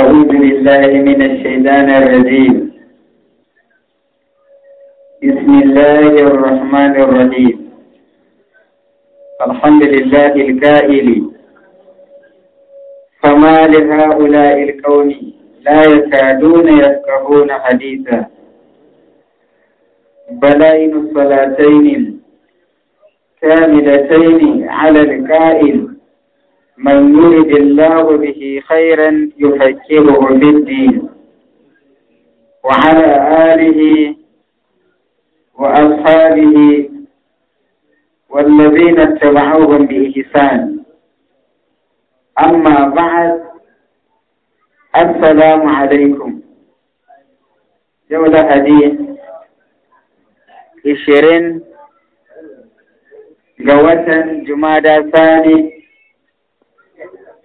أعوذ بالله من الشيطان الرجيم بسم الله الرحمن الرحيم الحمد لله الكائل فما لهؤلاء الكون لا يكادون يفقهون حديثا بلين الصلاتين كاملتين على الكائل من يرد الله به خيرا يفكره في الدين وعلى آله وأصحابه والذين اتبعوهم بإحسان أما بعد السلام عليكم جولة حديث عشرين ga watan Jumada Sani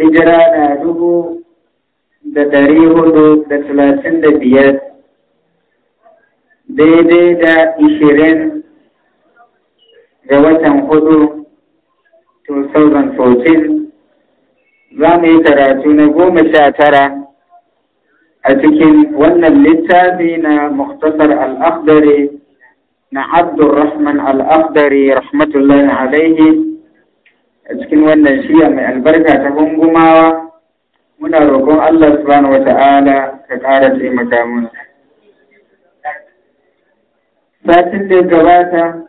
hijira na dubu da dari hudu da talatin da biyar daidai da ishirin ga watan hudu 2014 za mu yi karatu na goma sha tara a cikin wannan littafi na muktasar al'akdari na abdurrahman al'akdari rahmatullahi alaihi a cikin wannan shirya mai albarka ta gungumawa muna roƙon Allah subhanahu Ta'ala ka ƙara taimaka mana satin da gabata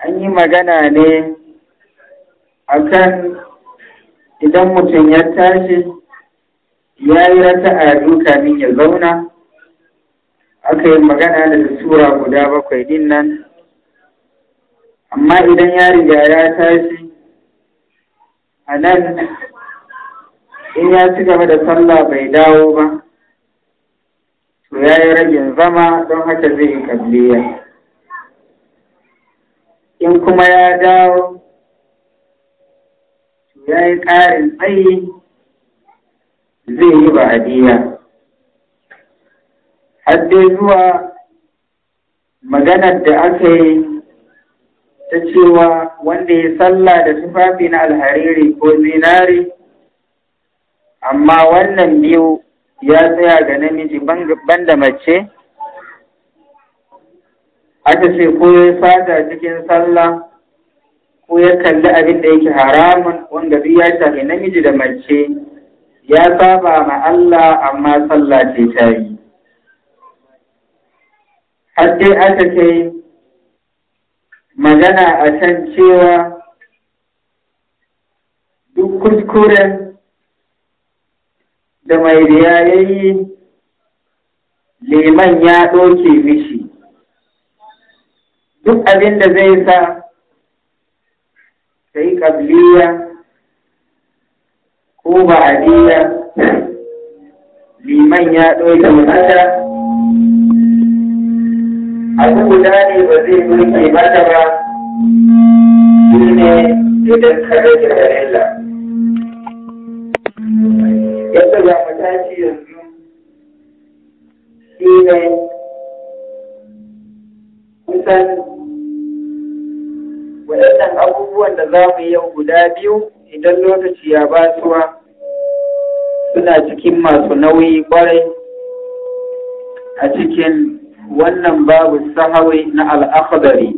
an yi magana ne akan idan mutum ya tashi ya yi a duka min ya zauna aka yi magana da sura guda bakwai din nan amma idan ya riga ya tashi a nan in ya ci gaba da sallah bai dawo ba to ya yi ragin zama don haka zai yi kabliya in kuma ya dawo to ya yi ƙarin tsayi zai yi ba'adiyya har dai zuwa maganar da aka yi ta cewa wanda ya salla da tufafi na alhariri ko zinari amma wannan biyu ya tsaya ga namiji ban da mace aka ce ko ya fata cikin salla ko ya kalli abin da yake haramun wanda biyu ya shafi namiji da mace ya saba ma Allah amma sallah ce ta yi har dai aka ce magana a kan cewa duk kuskuren da mai riya ya yi liman ya ɗoke mishi duk abin da zai sa ta yi ƙabliya ko ba'adiyya liman ya ɗoke mata abu guda ne ba zai mulke mata ba shi ne idan ka rage farilla yadda za mu tashi yanzu shi ne kusan waɗannan abubuwan da za mu yau guda biyu idan lokaci ya basuwa suna cikin masu nauyi kwarai a cikin wannan babu sahawai na al'akhdari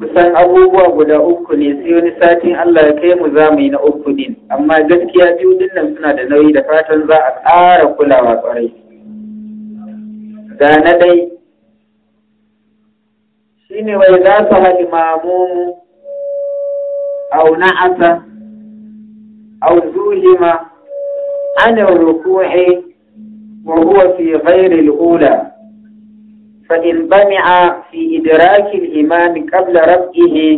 kusan abubuwa guda uku ne sai wani satin Allah ya kai mu za yi na uku din amma gaskiya biyu dinnan suna da nauyi da fatan za a ƙara kulawa kwarai ga na dai shine wai za su hali mamumu au na'asa au zuhima an ruku'i وهو في غير الأولى فإن بمع في إدراك الإمام قبل رفعه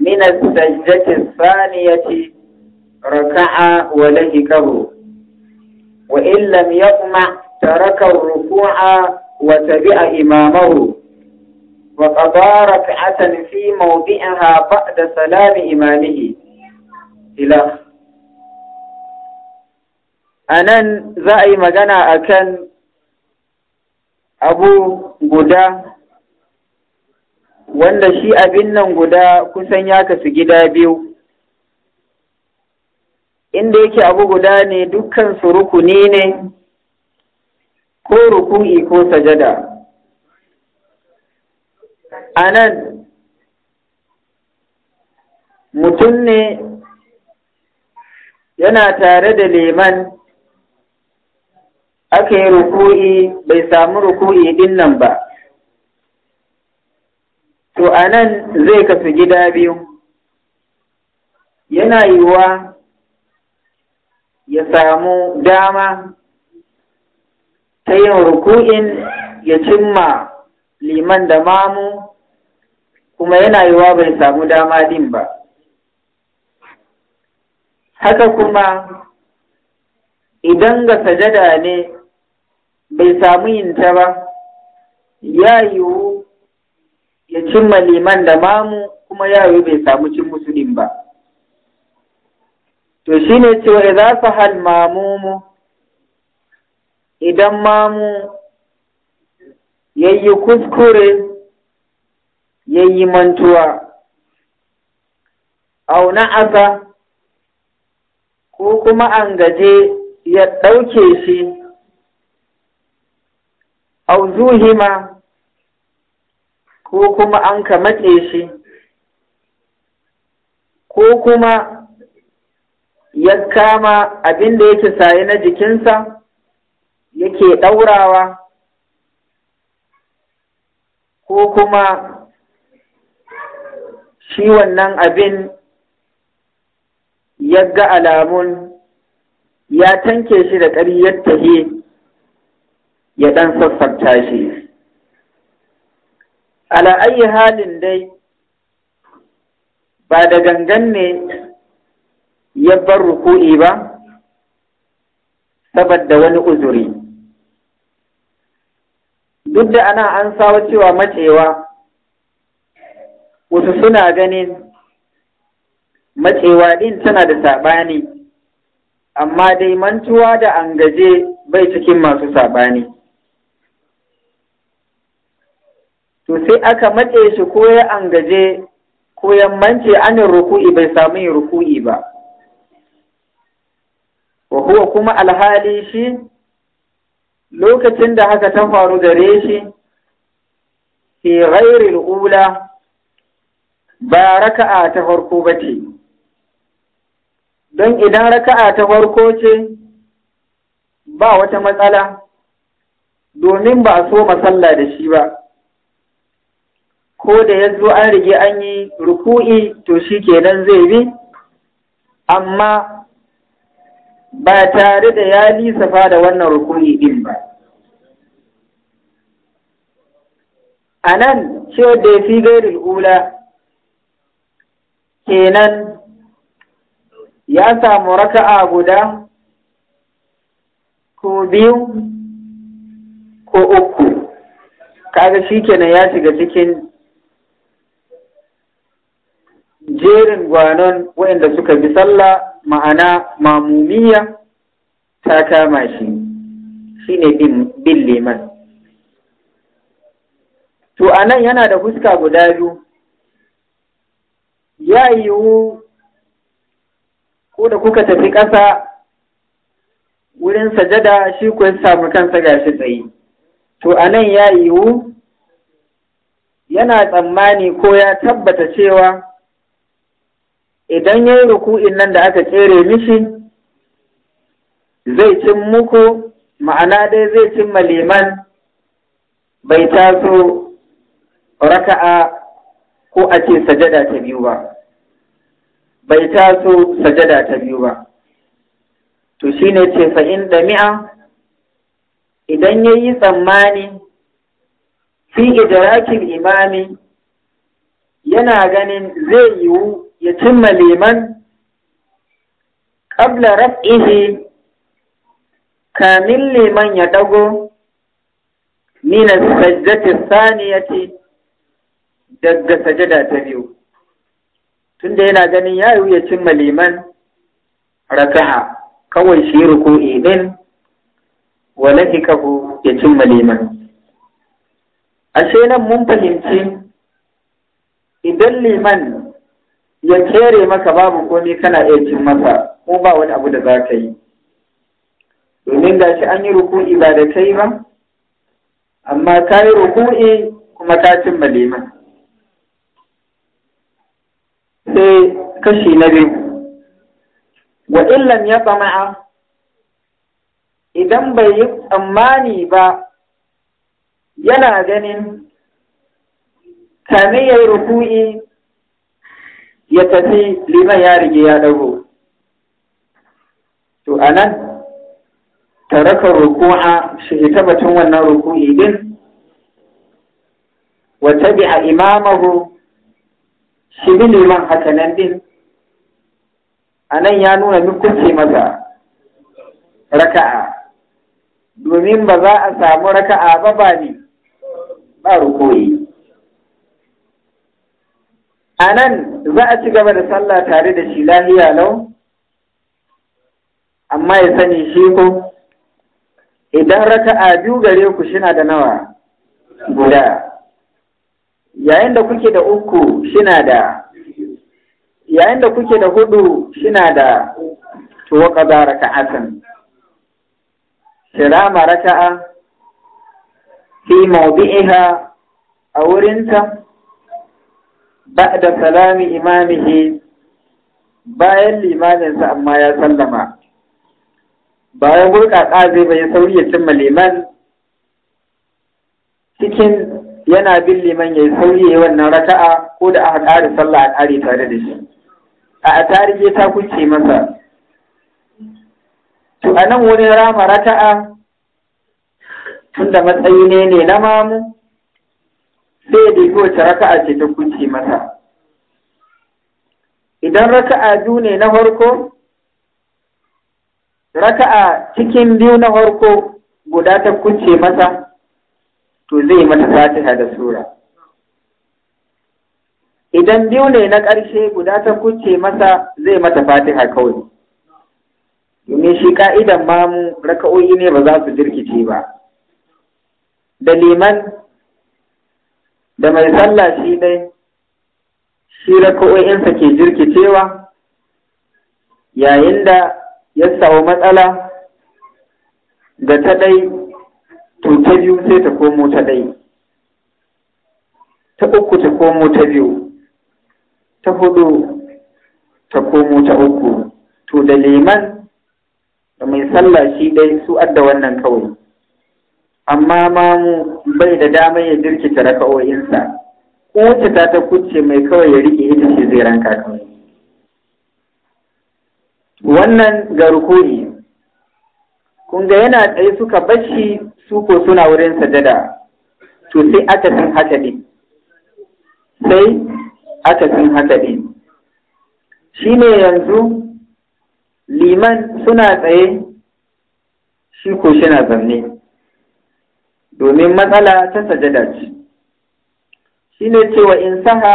من السجدة الثانية ركع ولهكه وإن لم يطمع ترك الركوع وتبع إمامه وقضى ركعة في موضعها بعد سلام إمامه إلى a nan za a yi magana a kan abu guda wanda shi abin nan guda kusan ya kasu gida biyu inda yake abu guda ne dukkan su rukuni ne ko ruku'i ko sajada a nan mutum ne yana tare da leman aka yi ruku'i bai samu ruku'i din nan ba to anan zai kasu gida biyu yana yiwuwa ya samu dama ta yin ruku'in ya cimma liman da mamu kuma yana yiwuwa bai samu dama din ba haka kuma idan ga sajada ne bai samu yin ta ba ya yiwu ya cimma liman da mamu kuma ya yiwu bai samu cin musulun ba to shi shine cewa idza sahal mamumu idan mamu ya yi kuskure ya yi mantuwa auna asa? ko kuma an gaje ya ɗauke shi auzuhima ko kuma an ka matse shi ko kuma ya kama abin da yake saye na jikinsa yake ɗaurawa ko kuma shi wannan abin ya ga alamun ya tanke shi da ƙaryar tahe ya ɗan sassabta shi ala ayi halin dai ba da gangan ne ya bar ruku'i ba saboda wani uzuri duk da ana an sawa cewa macewa wasu suna ganin macewa ɗin tana da saɓani amma dai mantuwa da an gaje bai cikin masu saɓani to sai aka matse shi ko ya angaje ko ya mance anin ruku'i bai samu yin ruku'i ba wa huwa kuma alhali shi lokacin da haka ta faru gare shi fi ghairi ula ba raka'a ta farko ba ce don idan raka'a ta farko ce ba wata matsala domin ba a so masalla da shi ba ko da ya zo an rige an yi ruku'i to shi kenan zai bi amma ba tare da ya lisafa da wannan ruku'i din ba a nan ciwon da ya fi gairil ula kenan ya samu raka'a guda ko biyu ko uku kaga shi kenan ya shiga cikin jerin gwanon waɗanda suka bi sallah ma'ana mamumiya ta kama shi shi ne bin liman to a nan yana da fuska guda biyu ya yiwu ko da kuka tafi ƙasa wurin sajada shi ku samu kansa gashi tsaye to a nan ya yiwu yana tsammani ko ya tabbata cewa idan ya yi ruku'in nan da aka tsere mishi zai cin muku ma'ana dai zai cin maliman bai taso raka'a ko a ce sajada ta biyu ba bai taso sajada ta biyu ba to shi ne ce fa'in ɗami'a idan ya yi tsammani fi rakin imami yana ganin zai yiwu ya cimma liman ƙabla raf'ihi kamin liman ya ɗago minas sajdatis saniyati daga sajada ta biyu tunda yana ganin ya yi ya cimma liman raka'a kawai shi ruku'i din wa lahikahu ya cimma liman ashe nan mun fahimci idan liman ya kere maka babu komai kana iya cin masa ko ba wani abu da za ka yi domin shi an yi ruku'i ba da kai ba amma ka yi ruku'i kuma ka cin liman sai kashi na biyu wa illam ya tsama'a idan bai yi tsammani ba yana ganin kamin ya yi ruku'i ya tafi liman ya rige ya ɗago. to a anan taraka ruku'a shi ita batun wannan ruku'i din wa a imamahu shi bi liman hakanan din nan ya nuna mikunci masa raka'a domin ba za a samu raka'a ba ba ne ba ruku'i a nan za a ci gaba da sallah tare da shi lahiya lau amma ya sani shi ko idan raka'a biyu gare ku shina da nawa guda yayin da kuke da uku shina da yayin da kuke da hudu shina da tuwa kaza raka'atan shirama raka'a fi mawdi'iha a wurinta Ba da ba'da kalami he? bayan limaminsa amma ya sallama bayan gurƙaƙa zai bai sauri ya cimma liman cikin yana bin liman ya sauri ya wannan raka'a ko da aka ƙara sallah a ƙare tare da shi A'a tarihi ta kunce masa to anan nan wurin rama raka'a tunda matsayi ne ne na mamu sai da yi wace raka'a ce ta kuce masa idan raka'a biyu ne na farko raka'a cikin biyu na farko guda ta kuce masa to zai mata fatiha da sura idan biyu ne na ƙarshe guda ta kuce masa zai mata fatiha kawai domin shi ka'idan mamu raka'o'i ne ba za su jirkice ba da liman da mai sallah shi dai shi raka'o'insa ke jirkicewa yayin da ya samu matsala da ta ɗai to ta biyu sai ta komo ta ɗai ta uku ta komo ta biyu ta hudu ta komo ta uku to da liman da mai sallah shi dai su adda wannan kawai amma mamu bai da dama ya jirkita raka'o'insa ko wacce ta ta kuce mai kawai ya rike ita ce zai ranka kawai wannan ga rukuni kun ga yana tsaye suka bashi su ko suna wurin sajada to sai aka tun haka ne sai aka tun haka ne Shi ne yanzu liman suna tsaye shi ko shi na zanne domin matsala ta sajada ce shine cewa in saha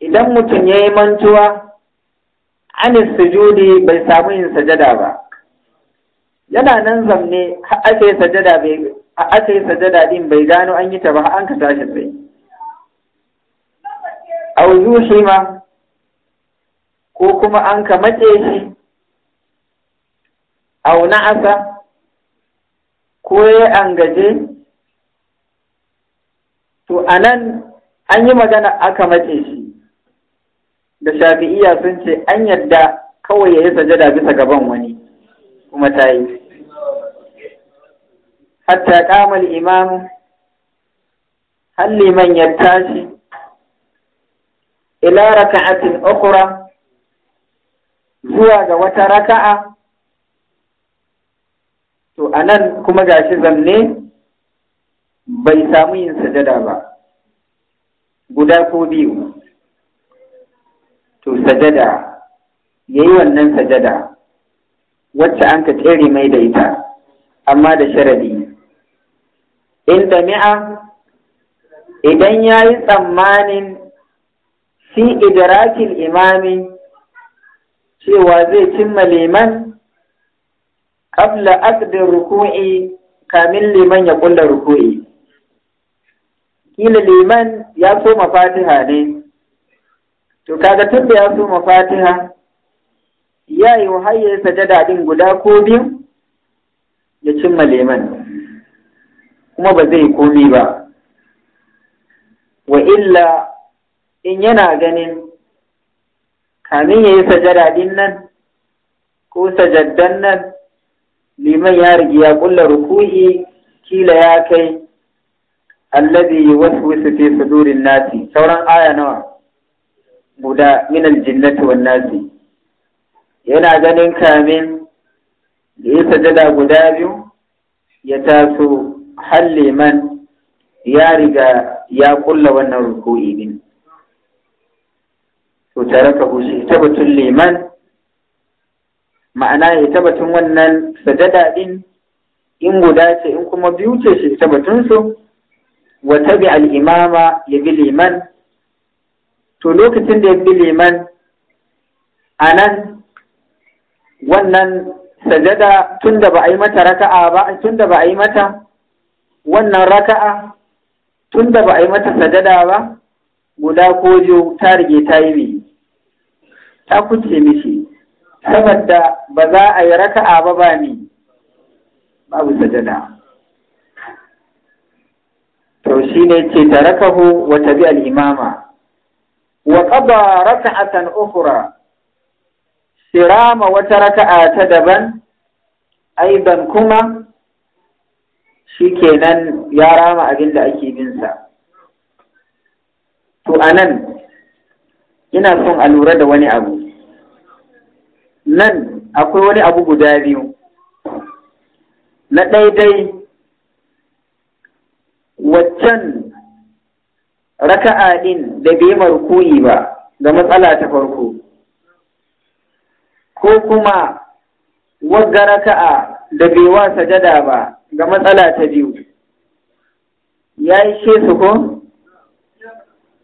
idan mutum ya yi mantuwa anis sujudi bai samu yin sajada ba yana nan zamne ake yi sajada bai sajada din bai gano an yi ta ba an ka tashi sai aw ma. ko kuma an ka mace shi aw asa. ko ya angaje to anan an yi magana aka mace shi da shafi'iya sun ce an yadda kawai ya yi sajada bisa gaban wani kuma ta yi hatta kamar imam halliman ya tashi ila raka'atin okura zuwa ga wata raka'a to anan kuma ga shi zanne bai samu yin sajada ba guda ko biyu to sajada yi wannan sajada wacce an ka tsere mai da ita amma da sharadi in mi'a idan ya yi tsammanin fi idrakil imami cewa zai cimma liman qabla aqdi ruku'i kamin liman ya kulla ruku'i kila liman ya soma fatiha ne to kaga tunda ya soma fatiha ya yi wahayya sajada din guda ko biyu ya cimma liman kuma ba zai komi ba wa illa in yana ganin kamin ya yi sajada din nan ko sajaddan nan liman ya rigi ya kulla rukuhi kila ya kai allazi waswisu fi sudurin nasi sauran aya nawa guda min aljinnati wan nasi yana ganin kamin da ya sajada guda biyu ya taso har liman ya riga ya kulla wannan rukuhi din to tare ka hushi ta batun liman ma'ana ya ta batun wannan sajada din in guda ce in kuma biyu ce shi ta batun su wa tabi al-imama ya bi liman to lokacin da ya bi liman anan wannan sajada tun da ba a yi mata raka'a ba tun da ba a yi mata wannan raka'a tun da ba a yi mata sajada ba guda ko ta rige ta yi ta kuce mishi saboda da ba za a yi raka'a ba ba ne babu sajada to shi ne ce tarakahu wa tabi bi Alimama. wa qada raka'atan ukhra sirama wata raka'a ta daban aiban kuma shikenan ya rama abin da ake bin sa to anan ina son a lura da wani abu nan akwai wani abu guda biyu na daidai waccan raka'a ɗin da bai markuyi ba ga matsala ta farko ko kuma wagga raka'a da bai wasa sajada ba ga matsala ta biyu ya yi shesu ko?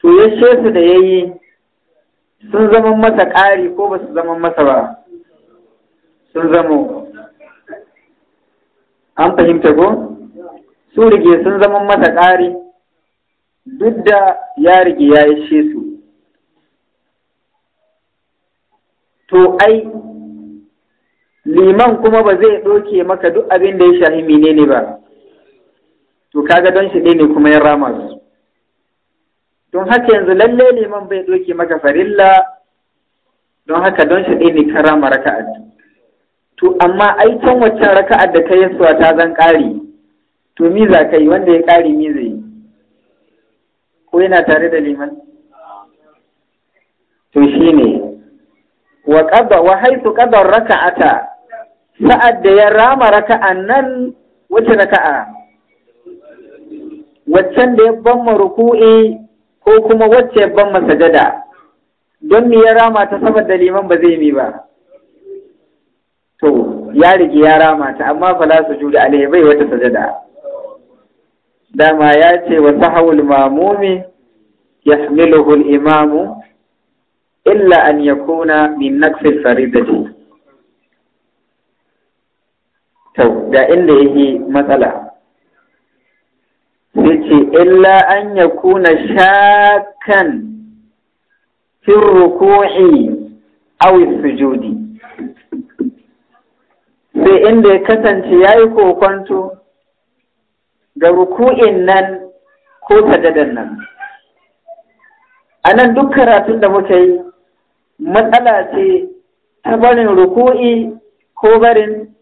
to ya shesu da ya yi sun zama masa ƙari ko ba su zama masa ba sun zamo an fahimta ko su rige sun zama mata ƙari duk da ya rige ya yashe su to ai liman kuma ba zai ɗoke maka duk abin da ya shahi menene ba to kaga don shi ne kuma ya rama su don haka yanzu lalle liman bai ɗoke maka farilla don haka don shi ne ka rama raka'atu to amma ai can waccan raka'ar da ka yasuwa ta zan ƙari to mi za ka yi wanda ya ƙari mi zai ko yana tare da liman to shine wa qada wa haythu qada raka'ata sa'ad da ya rama raka'an nan wacce raka'a waccan da ya bamma ruku'i ko kuma wacce ya bamma sajada don me ya rama ta saboda liman ba zai mi ba to ya rige ya rama ta amma fala sujudu ya bai wata sajada dama ya ce wa sahawul mamumi yahmiluhu al-imamu illa an yakuna min naqsi faridati to da inda yake matsala yace illa an yakuna shakan fi ruku'i aw sujudi sai inda ya kasance ya yi kokonto ga ruku'in nan ko sadadan nan a nan duk karatun da muka yi matsala ce ta barin ruku'i ko barin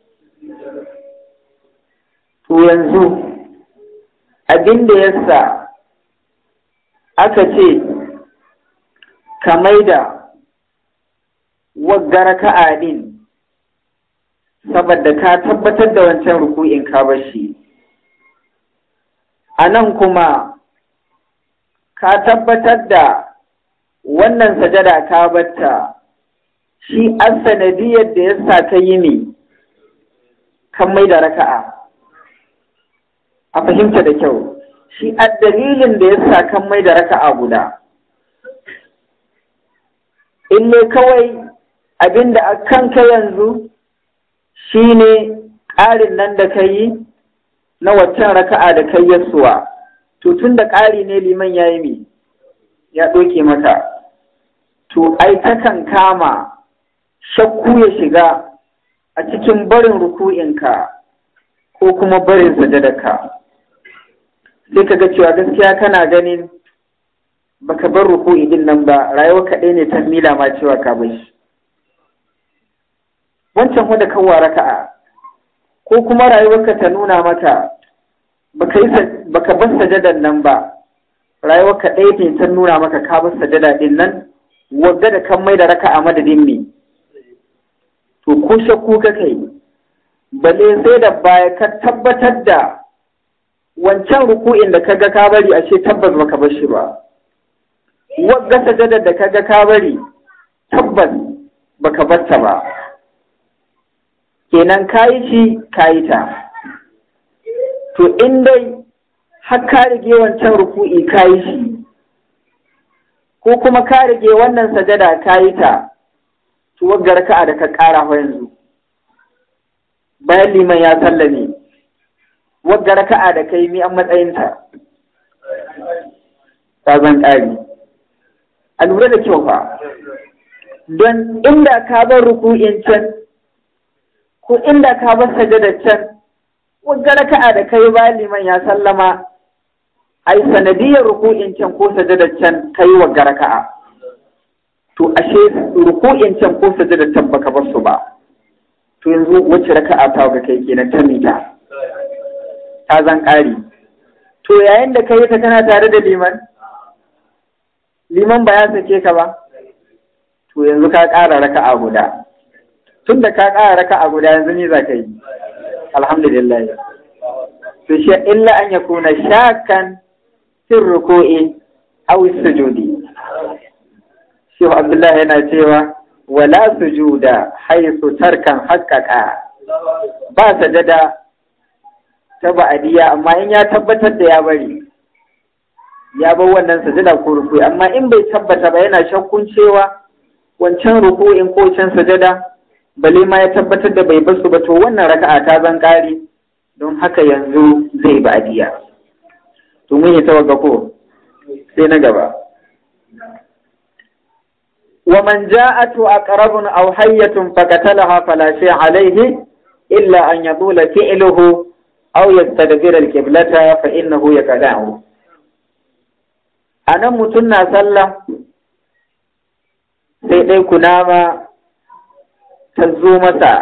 to yanzu abin da yasa aka ce ka maida wagga raka'a saboda ka tabbatar da wancan ruku'in ka bashi a nan kuma ka tabbatar da wannan sajada ka batta shi an sanadiyar da ya sa yi ne kan mai da raka'a a fahimta da kyau shi a dalilin da yasa sa kan mai da raka'a guda in ne kawai abinda a kanka yanzu shi ne ƙarin nan da ka yi na waccan raka'a da kai suwa, to tun da ƙari ne liman ya yi mi ya ɗoke maka to ai takan kama shakku ya shiga a cikin barin ruku'inka ko kuma barin sajadaka sai ka ga cewa gaskiya kana ganin baka bar ruku'i din nan ba rayuwa kaɗai ne ta mila ma cewa ka bai shi wancan wanda kan wa raka'a ko kuma rayuwarka ta nuna mata baka yi baka bar sajadan nan ba rayuwarka ɗaya ne ta nuna maka ka bar sajada din nan wanda da kan mai da raka'a madadin ne. to ko shakku ka kai balle sai da baya ka tabbatar da wancan ruku'in da kaga ka bari ashe tabbas baka bar shi ba wagga sajadar da kaga ka bari tabbas baka bar ta ba kenan kayi shi kayi ta to in dai har ka rige wancan ruku'i kayi shi ko kuma ka rage wannan sajada kayi ta to waggar ka da ka ƙara fa yanzu bayan liman ya sallame waggar ka da kai mi an matsayinta ta zan ƙari a lura da kyau fa don inda ka bar ruku'in can to inda ka bar sajada can wagga raka'a da kai ba liman ya sallama ai sanadiyar ruku'in can ko sajada can kai wagga raka'a to ashe ruku'in can ko sajada can baka bar su ba to yanzu wacce raka'a ta ga kai kenan ta mita ta zan ƙari to yayin da kai ta kana tare da liman liman ba ya sake ka ba to yanzu ka ƙara raka'a guda tun da ka ƙara raka a guda yanzu ni za ka yi alhamdulillah to shi illa an ya kuna shakan ruko'i ruku'i wasu sujudi shi Abdullahi yana cewa wala sujuda haythu tarkan haƙaƙa, ba sajada ta ba'adiyya amma in ya tabbatar da ya bari ya bar wannan sajada ko ruku'i amma in bai tabbata ba yana shakkun cewa wancan ruku'in ko can sajada bale ma ya tabbatar da bai basu ba to wannan raka'a ta zan kare don haka yanzu zai ba diya to mun yi tawagga ko sai na gaba wa man ja'atu aqrabun aw hayyatun faqatalaha fala shay alayhi illa an yadula fi'luhu aw yastadbira al-qiblata fa innahu yakadahu anan mutun na sallah sai dai kunama ta zo masa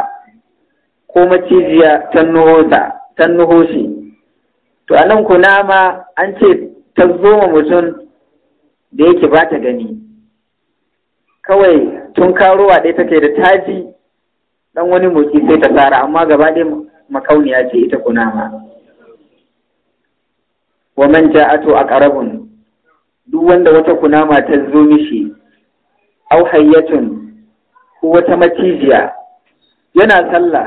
ko macijiya ta nuhota ta nuho to a nan kunama an ce ta zo ma mutum da yake ba ta gani kawai tun karuwa ɗaya take da taji ɗan wani motsi sai ta tsara amma gaba ɗaya makauniya ce ita kunama wa man a aqrabun duk wanda wata kunama ta zo mishi au hayyatun ko wata macijiya yana sallah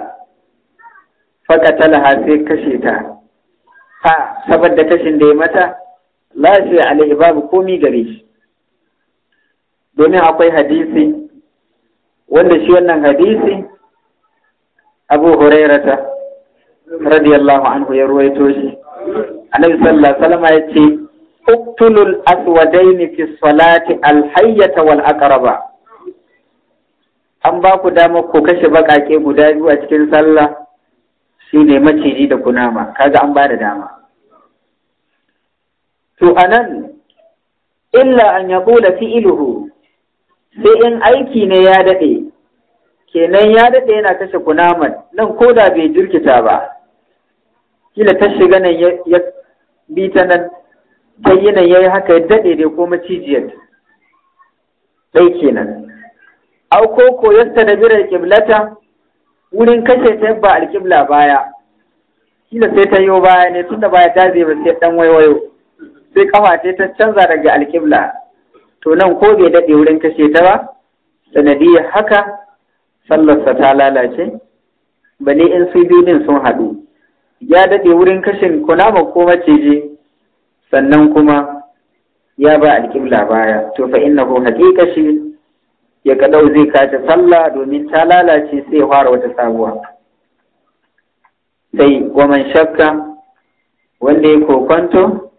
faƙatalaha sai kashe ta ha saboda kashin da ya mata lafiya alaihi babu komi gare shi domin akwai hadisi wanda shi wannan hadisi abu hurairata radiyallahu anhu ya ruwaito shi annabi sallallahu alaihi ya ce uktulul aswadaini fi salati alhayyata wal aqraba an ba ku dama ko kashe baƙaƙe guda biyu a cikin sallah shi ne maciji da kunama kaga an ba da dama to anan illa an yaqula fi'luhu sai in aiki ne ya daɗe kenan ya daɗe yana kashe kunaman nan ko da bai jirkita ba kila ta shiga nan ya bi ta nan ta yi nan ya yi haka ya daɗe dai ko macijiyar dai kenan au ko ko birar kiblata wurin kashe ta ba alƙibla baya kila sai ta yo baya ne tunda baya ta zai ba sai dan waiwayo sai kafa ta ta canza daga alkibla to nan ko bai daɗe wurin kashe ta ba sanadiya haka sallarsa ta lalace bane in su din sun hadu. ya daɗe wurin kashin kunama ko maciji sannan kuma ya ba alkibla baya to fa innahu haƙiƙa shi ya ga ɗau zai kace sallah domin ta lalace sai ya fara wata sabuwa sai goma shakka wanda ya kokonto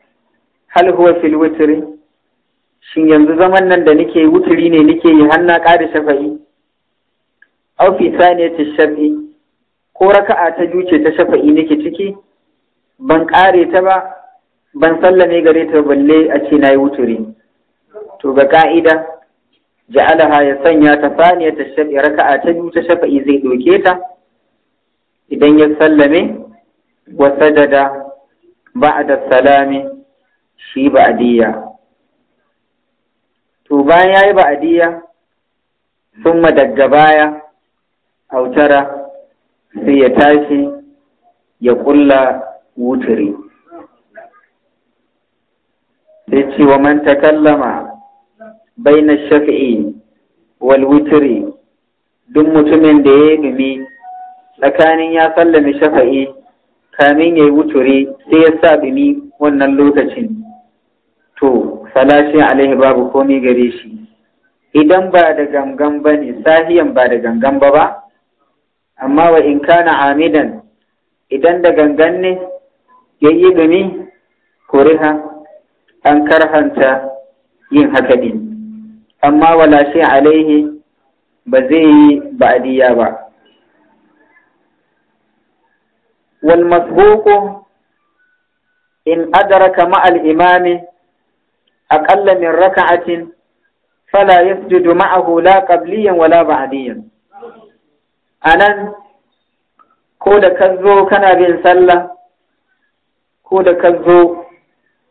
hal huwa fil shin yanzu zaman nan da nake wuturi ne nike yi hanna ƙari shafa'i aw fi saniyati shafi ko raka'a ta juce ta shafa'i nake ciki ban ƙare ta ba ban sallame gare ta balle a ce na yi wuturi to ga ƙa'ida. ja'alaha ya sanya ta saniya ta shafi raka'a ta biyu ta shafa'i zai doke ta idan ya sallame wa sadada ba'da salami shi ba'diyya to bayan yayi ba'diyya summa daga baya autara sai ya tashi ya kulla wuturi sai ce wa man takallama baina shafi'i wal witri duk mutumin da ya dumi tsakanin ya sallami shafi'i, kamin ya yi wuturi sai ya sa dumi wannan lokacin to falashi alaihi babu komai gare shi idan ba da gangan ba ne sahiyan ba da gangan ba ba amma wa in kana amidan idan da gangan ne ya yi dumi kuriha an karhanta yin haka din amma wala shi alaihi ba zai yi ba'adiyya ba wal masbuku in adraka ma al imami aqalla min raka'atin fala yasjudu ma'ahu la qabliyan wala ba'diyan anan ko da ka zo kana bin sallah ko da ka zo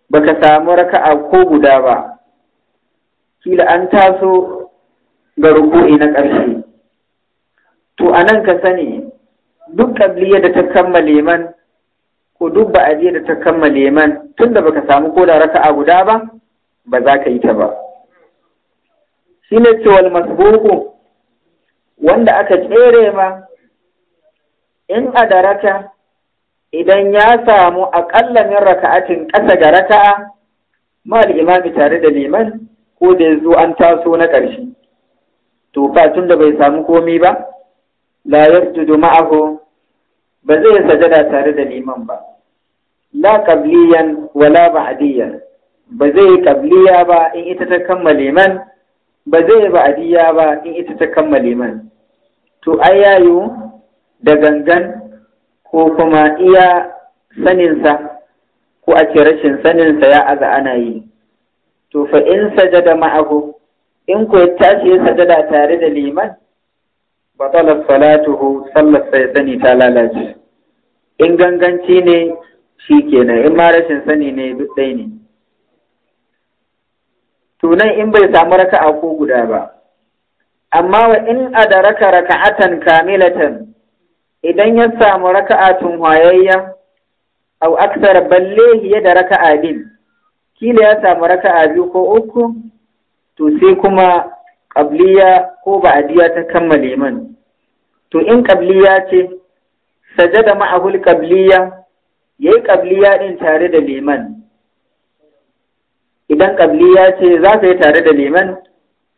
baka samu raka'a ko guda ba kila an taso ga ruku'i na ƙarshe to a nan ka sani duk ƙabliya da ta kammale man ko duk ba'adiyya da ta kammale man tunda baka samu ko da raka'a guda ba ba za ka yi ta ba shine cewal boko wanda aka tsere ma in a raka, idan ya samu aƙalla min raka'atin ƙasa ga raka'a mal imami tare da liman ko da ya zo an taso na ƙarshe to ba tun da bai samu komi ba la yasjudu ma'ahu ba zai sajada tare da liman ba la qabliyan wala ba'diyan ba zai qabliya ba in ita ta kammale man ba zai ba'diya ba in ita ta kammale man to ayayu da gangan ko kuma iya saninsa ko a ce rashin saninsa ya aza ana yi to fa in sajada ma'ahu in ko ya tashi ya sajada tare da liman batalar salatuhu sallar sai sani ta lalace in ganganci ne shi kenan in ma rashin sani ne duk ne tunan in bai samu raka'a ko guda ba amma wa in raka raka'atan kamilatan idan ya samu raka'a tun wayayya au aksara balle ya da raka'a din kila ya samu raka'a biyu ko uku to sai kuma ƙabliya ko ba'adiyya ta kammale man to in ƙabliya ce sajada ma'ahul ya yayi ƙabliya din tare da liman idan ƙabliya ce za ka yi tare da liman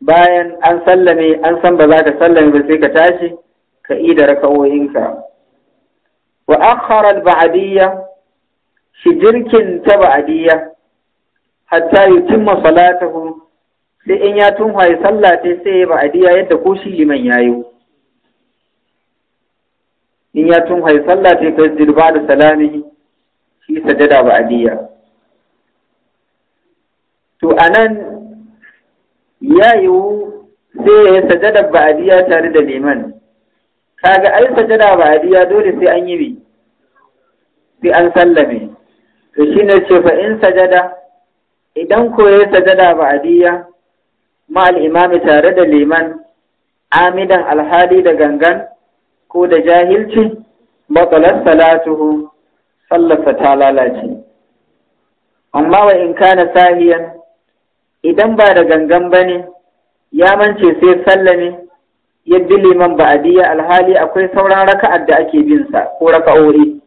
bayan an sallame an san ba za ka sallame ba sai ka tashi ka yi da raka'o'inka wa akhara ba'adiyya shi jirkin ta ba'diyya hatta yutimma salatahu sai in ya tunhaye sallah ta sai ya diya yadda ko shi liman yi. in ya tunhaye sallah ta kai dirba da salami shi sajada diya to a nan ya yiwu sai ya yi sajada diya tare da liman kaga ai sajada diya dole sai an yi bi sai an sallame to ne ce fa in sajada idan ko ya sajada ba'adiyya ma imami tare da liman amidan alhali da gangan ko da jahilci matsalar salatuhu sallarsa ta lalace amma wa in kana sahiyan idan ba da gangan ba ne ya mance sai sallame ya liman ba'adiyya alhali akwai sauran raka'ar da ake bin sa ko raka'o'i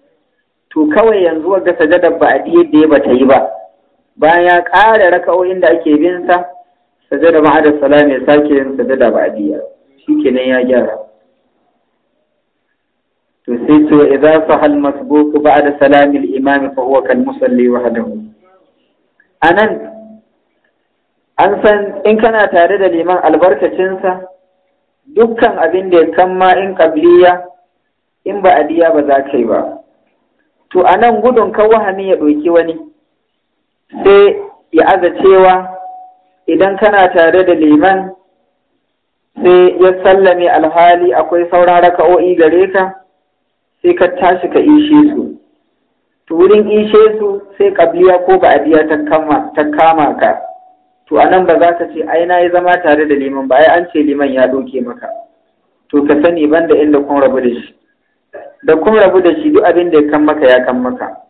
to kawai yanzu ga sajadar ba'adiyyar da ya bata yi ba bayan ya ƙara raka'o'in da ake bin sa sajada ma salam ya sake yin sajada ba'diya shikenan ya gyara to sai to idza sahal masbuq ba'da salam al-imam fa huwa kal musalli wahdahu anan an san in kana tare da liman albarkacin sa dukkan abin da ya kamma in qabliya in ba'adiyya ba za ka yi ba to anan gudun kan wahami ya ɗauki wani sai ya aza cewa idan kana tare da liman sai ya sallame alhali akwai sauran raka'o'i gare ka sai ka tashi ka ishe su to wurin ishe su sai kabliya ko ba ba'adiya ta kama ka to anan ba za ka ce ai na yi zama tare da liman ba ai an ce liman ya doke maka to ka sani banda inda kun rabu da shi da kun rabu da shi duk abin da ya kan maka ya kan maka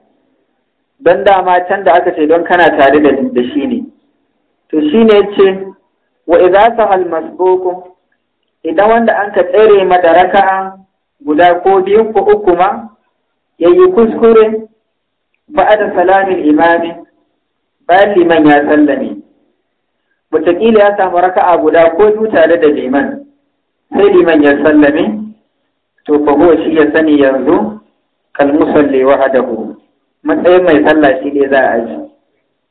don dama can da aka ce don kana tare da shi ne to shi ne ce wa idza sahal masbuqu idan wanda an ka tsere madaraka guda ko biyu ko uku ma yayi kuskure ba'da salamin imami bayan liman ya sallame wataƙila ya samu raka'a guda ko biyu tare da liman sai liman ya sallame to fa shi ya sani yanzu kal musalli wahdahu matsayin mai sallah shi ne za a ji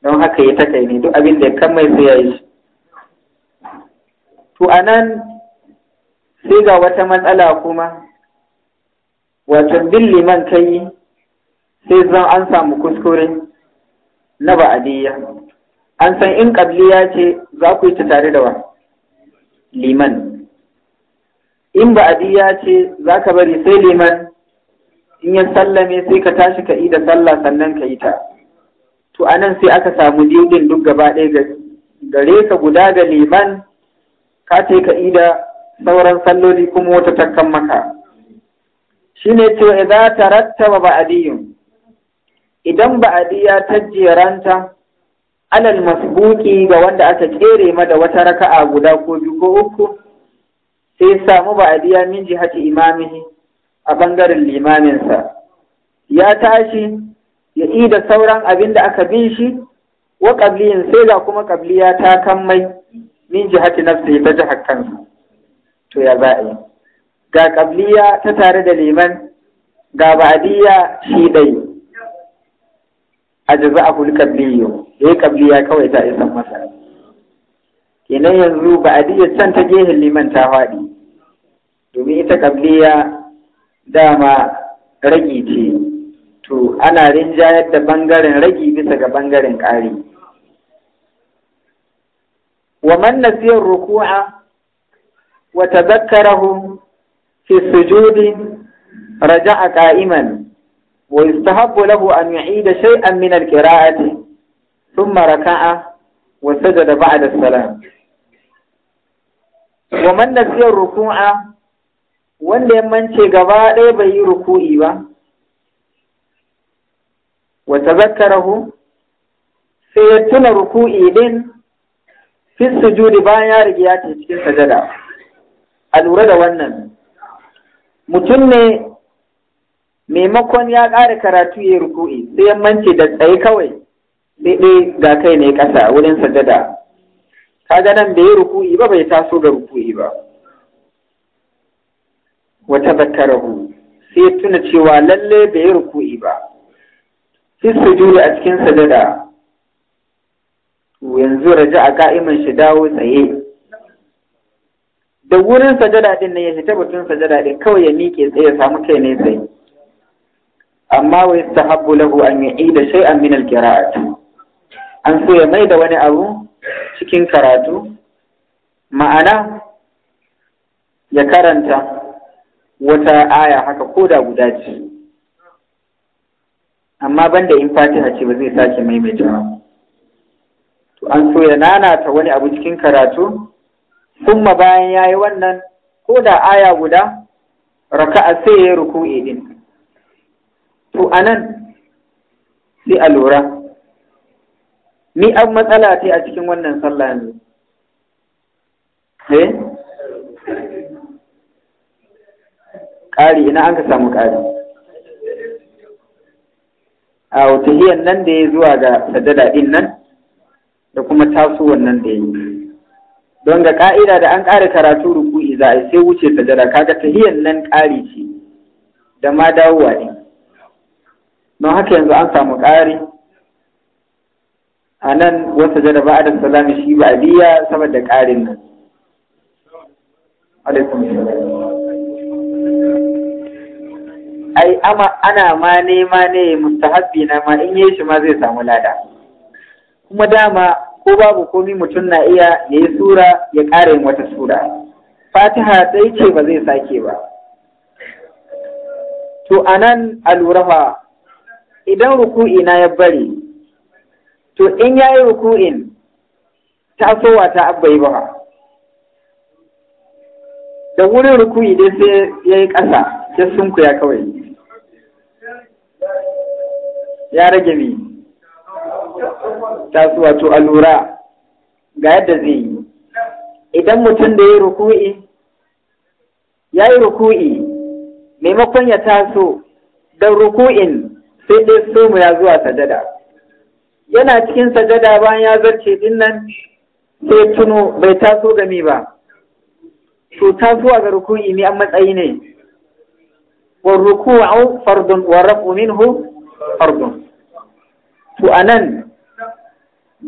don haka ya takai ne duk abin da ya kan mai sai ya yi to a nan sai ga wata matsala kuma wato bin liman ta yi sai zan an samu kuskure na ba'adiyya an san in ƙabliya ce za ku yi ta tare da wa liman in ba'adiyya ce za ka bari sai liman in ya sallame sai ka tashi ka yi da sallah sannan ka yi ta to anan sai aka samu didin duk gaba ɗaya gare ka guda ga liman ka ce ka yi da sauran salloli kuma wata takkan maka Shi ne shine to ta rattaba ba'diyun idan ba'diya ta jeranta alal masbuki ga wanda aka kere da wata raka'a guda ko biyu ko uku sai samu ba'diya min jihati imamihi a ɓangaren limaminsa ya tashi ya yi da sauran abin da aka bin shi wa ƙabliyin sai ga kuma ƙabliya ta kan mai min jihati nafsi ta jihar kansa to ya za a yi ga ƙabliya ta tare da liman ga ba'adiyya shi ɗai a jaza a kuli ƙabliyo ya yi ƙabliya kawai ta isa masa kenan yanzu ba'adiyya can ta gehen liman ta faɗi domin ita ƙabliya dama ragi ce to ana rinjayar da bangaren ragi bisa ga bangaren ƙari wa man nasiyar ruku'a wa tazakkarahu fi sujudi raja'a qa'iman wa yustahabbu lahu an yu'ida shay'an min al-qira'ati thumma raka'a wa sajada ba'da as-salam wa man nasiya ruku'a wanda ya mance gaba ɗaya bai yi ruku'i ba wa tazakkarahu sai ya tuna ruku'i din fi sujudi bayan ya riga ya ce cikin sajada a lura da wannan mutum ne maimakon ya ƙara karatu ya ruku'i sai ya mance da tsaye kawai daidai ga kai ne ƙasa wurin sajada kaga nan bai yi ruku'i ba bai taso ga ruku'i ba wata zakarahu sai tuna cewa lalle bai yi ruku'i ba fi sujudi a cikin sajada yanzu raja a ka'iman shi dawo tsaye da wurin sajada din ne ya fita batun sajada din kawai ya miƙe tsaye ya samu kai ne tsaye amma wai yastahabbu lahu an yi da shai shay'an min al an so ya mai da wani abu cikin karatu ma'ana ya karanta wata aya haka ko da guda ce amma banda in fatiha ce ba zai sake maimaita ba to an so ya nanata wani abu cikin karatu kuma bayan yayi wannan ko da aya guda raka'a sai ya ruku'i din to anan sai a lura ni an matsala ta a cikin wannan sallah ne eh ƙari ina an ka samu ƙari a wutahiyar nan da ya zuwa ga sajada ɗin nan da kuma tasowar nan da ya yi don ga ƙa'ida da an ƙara karatu ruku'i za a sai wuce sajada kaga tahiyan nan ƙari ce da ma dawowa ɗin don haka yanzu an samu ƙari a nan wata a da salami shi ba biya saboda ƙarin nan. Alaikum salam. ai ama ana ma nema ne mustahabbi na ma in yi shi ma zai samu lada kuma dama ko babu komi mutum na iya ya yi sura ya ƙara yin wata sura fatiha sai ce ba zai sake ba to anan alurafa idan ruku'i na ya bari to in ya yi ruku'in tasowa ta abbai ba da wurin ruku'i dai sai ya yi ƙasa ya sunkuya kawai ya rage mi tasu wato alura ga yadda zai yi idan mutum da ya ruku'i ya yi ruku'i maimakon ya taso don ruku'in sai so mu ya zuwa sajada yana cikin sajada bayan ya zarce dinnan sai tuno bai taso ga mi ba to tasowa ga ruku'i ne an matsayi ne wa والركوع wa rafu minhu ardun to anan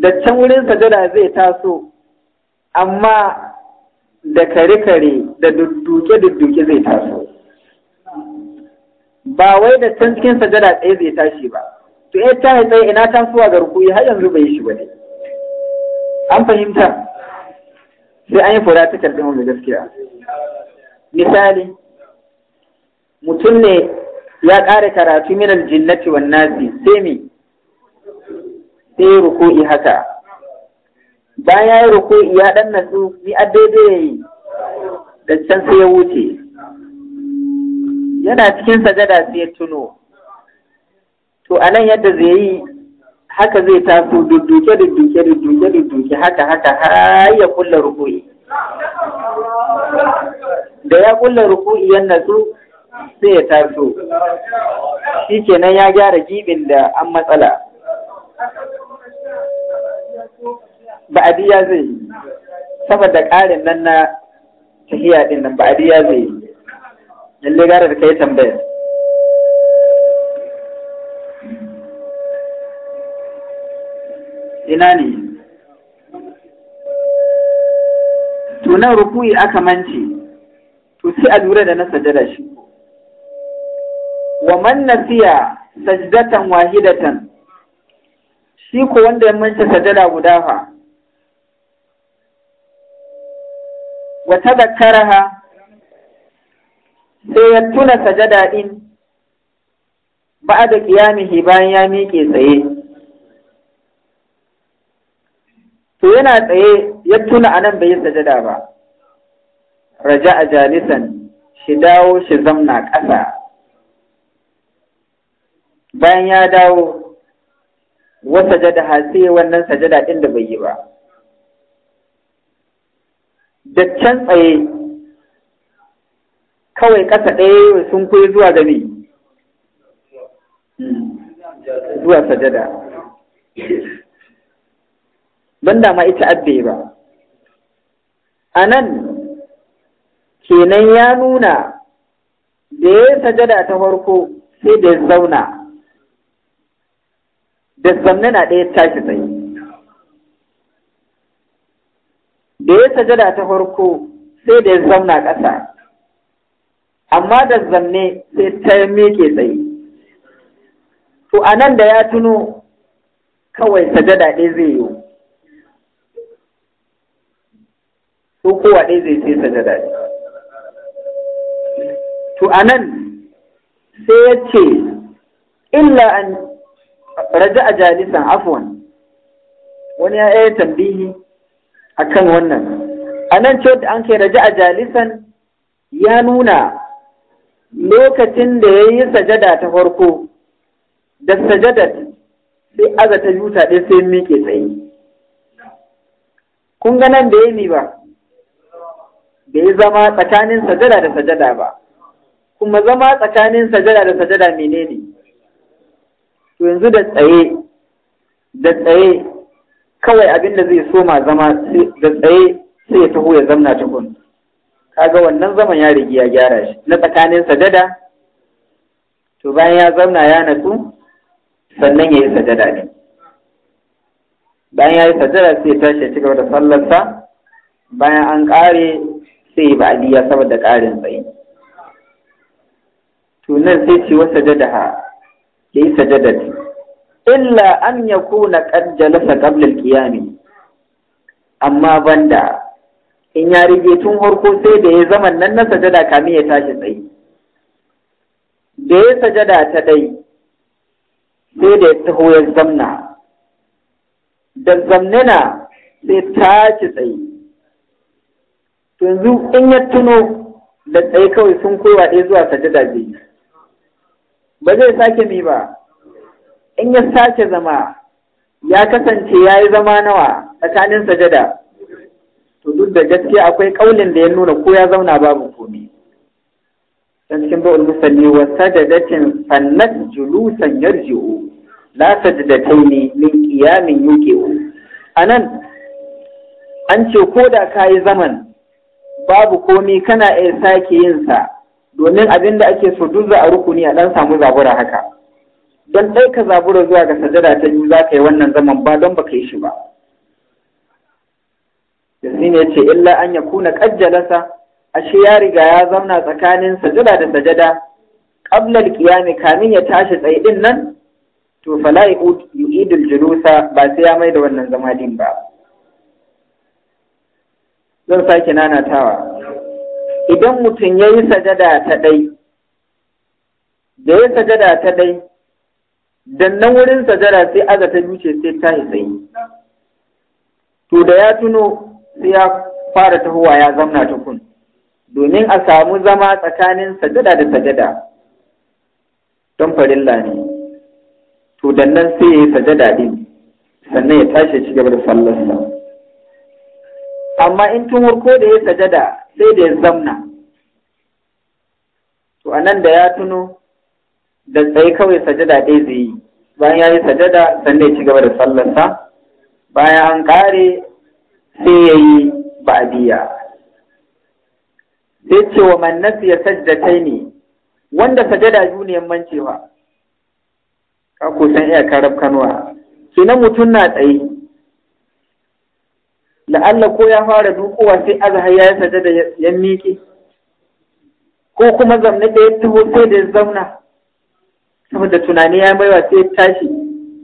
da can wurin sajada zai taso amma da kare-kare da dudduke-dudduke zai taso ba wai da can cikin sajada tsaye zai tashi ba to ya tashi tsaye ina tasowa ga rukuyi har yanzu bai yi shi ba an fahimta sai an yi fura ta karɓi gaskiya misali mutum ne ya ƙara karatu min aljinnati wan nasi sai me sai ruku'i haka bayan ya yi ruku'i ya dan natsu ni a yayi da can sai ya wuce yana cikin sajada sai ya tuno to anan yadda zai yi haka zai taso dudduke dudduke dudduke dudduke haka haka har ya kulla ruku'i da ya kulla ruku'i yan natsu sai ya taso shi kenan ya gyara gibin da an matsala ba'adiyya zai yi saboda ƙarin nan na tahiya din nan ba'adiyya zai yi lalle gara da kai tambaya ina ne Tunan nan rukuyi aka mance to sai a lura da na sajada shi wa man nasiya sajdatan wahidatan shi ko wanda ya manta sajada guda fa wa tadakkaraha sai ya tuna sajada din ba'da qiyamihi bayan ya miƙe tsaye to yana tsaye ya tuna anan bai yi sajada ba raja'a jalisan shi dawo shi zamna ƙasa bayan ya dawo wata jada hasi wannan sajada ɗin da bai yi ba da can tsaye kawai ƙasa ɗaya sun kuyi zuwa gami zuwa sajada ban dama ita abbe ba a nan kenan ya nuna da ya sajada ta farko sai da ya zauna da zamne na ɗaya tashi tsaye da ya sajada ta farko sai da ya zauna ƙasa amma da zamne sai ta miƙe tsaye to a nan da ya tuno kawai sajada ɗaya zai yi ko kowa ɗaya zai sai sajada ɗaya to a nan sai ya ce illa an raja a jalisan afwan wani ya yi tambihi a wannan a nan cewa an kai raja a jalisan ya nuna lokacin da ya yi sajada ta farko da sajada sai aza ta yuta ɗaya sai miƙe tsayi kun ga nan da ya yi ba bai zama tsakanin sajada da sajada ba kuma zama tsakanin sajada da sajada menene to yanzu da tsaye da tsaye kawai abin da zai soma zama da tsaye sai ya taho ya zamna tukun kaga wannan zaman ya rigi ya gyara shi na tsakanin sadada to bayan ya zamna ya natsu sannan ya yi sadada. ne bayan ya yi sadada, sai ya tashi ya cigaba da sallarsa bayan an ƙare sai ya ba'adiyya saboda ƙarin tsaye to nan sai ce wa sadada ha ya yi sajada illa an ya kuna jalasa qabla al kiyami. amma banda in ya rige tun harko sai da ya zaman nan na sajada kamin ya tashi tsaye da ya sajada ta dai sai da ya taho ya zamna da zamnina sai tashi tsaye yanzu in ya tuno da tsaye kawai sun kowa ɗaya zuwa sajada biyu ba zai sake mi ba in ya sake zama ya kasance ya yi zama nawa tsakanin sajada to duk da gaskiya akwai kaulin da ya nuna ko ya zauna babu komi dan cikin ba'ul musalli wa sajadatin sannat julusan yarji'u la sajadataini min qiyamin yuqiu anan an ce ko da kayi zaman babu komi kana iya sake yin sa domin abin da ake so duk a rukuni a dan samu zabura haka don ɗai ka zabura zuwa ga sajada ta biyu za ka yi wannan zaman ba don baka yi shi ba yanzu ne ce illa an ya kuna ƙajjalasa ashe ya riga ya zauna tsakanin sajada da sajada ƙablal ƙiyami kamin ya tashi tsaye ɗin nan to fala Idul julusa ba sai ya mai da wannan zama din ba zan sake nanatawa idan mutum ya yi sajada ta ɗai da ya sajada ta ɗai dannan wurin sajada sai aga ta duce sai ta yi tsayi to da ya tuno sai ya fara tahowa ya zamna tukun domin a samu zama tsakanin sajada da sajada don farilla ne to dannan sai ya yi sajada din sannan ya tashi ya ci gaba da sallarsa amma in tun warko da ya sajada sai da ya zamna to anan da ya tuno da tsaye kawai sajada ɗaya zai yi bayan ya yi sajada sannan ya ci gaba da sallarsa bayan an ƙare sai ya yi ba'adiyya sai ce wa man nasiya sajdatai ne wanda sajada biyu ne mancewa ka kusan iya karab kanuwa kenan mutum na tsaye la'alla ko ya fara dukowa sai azhar ya yi sajada ya miƙe ko kuma zamne ɗaya ya taho sai da ya zauna saboda tunani ya baiwa sai tashi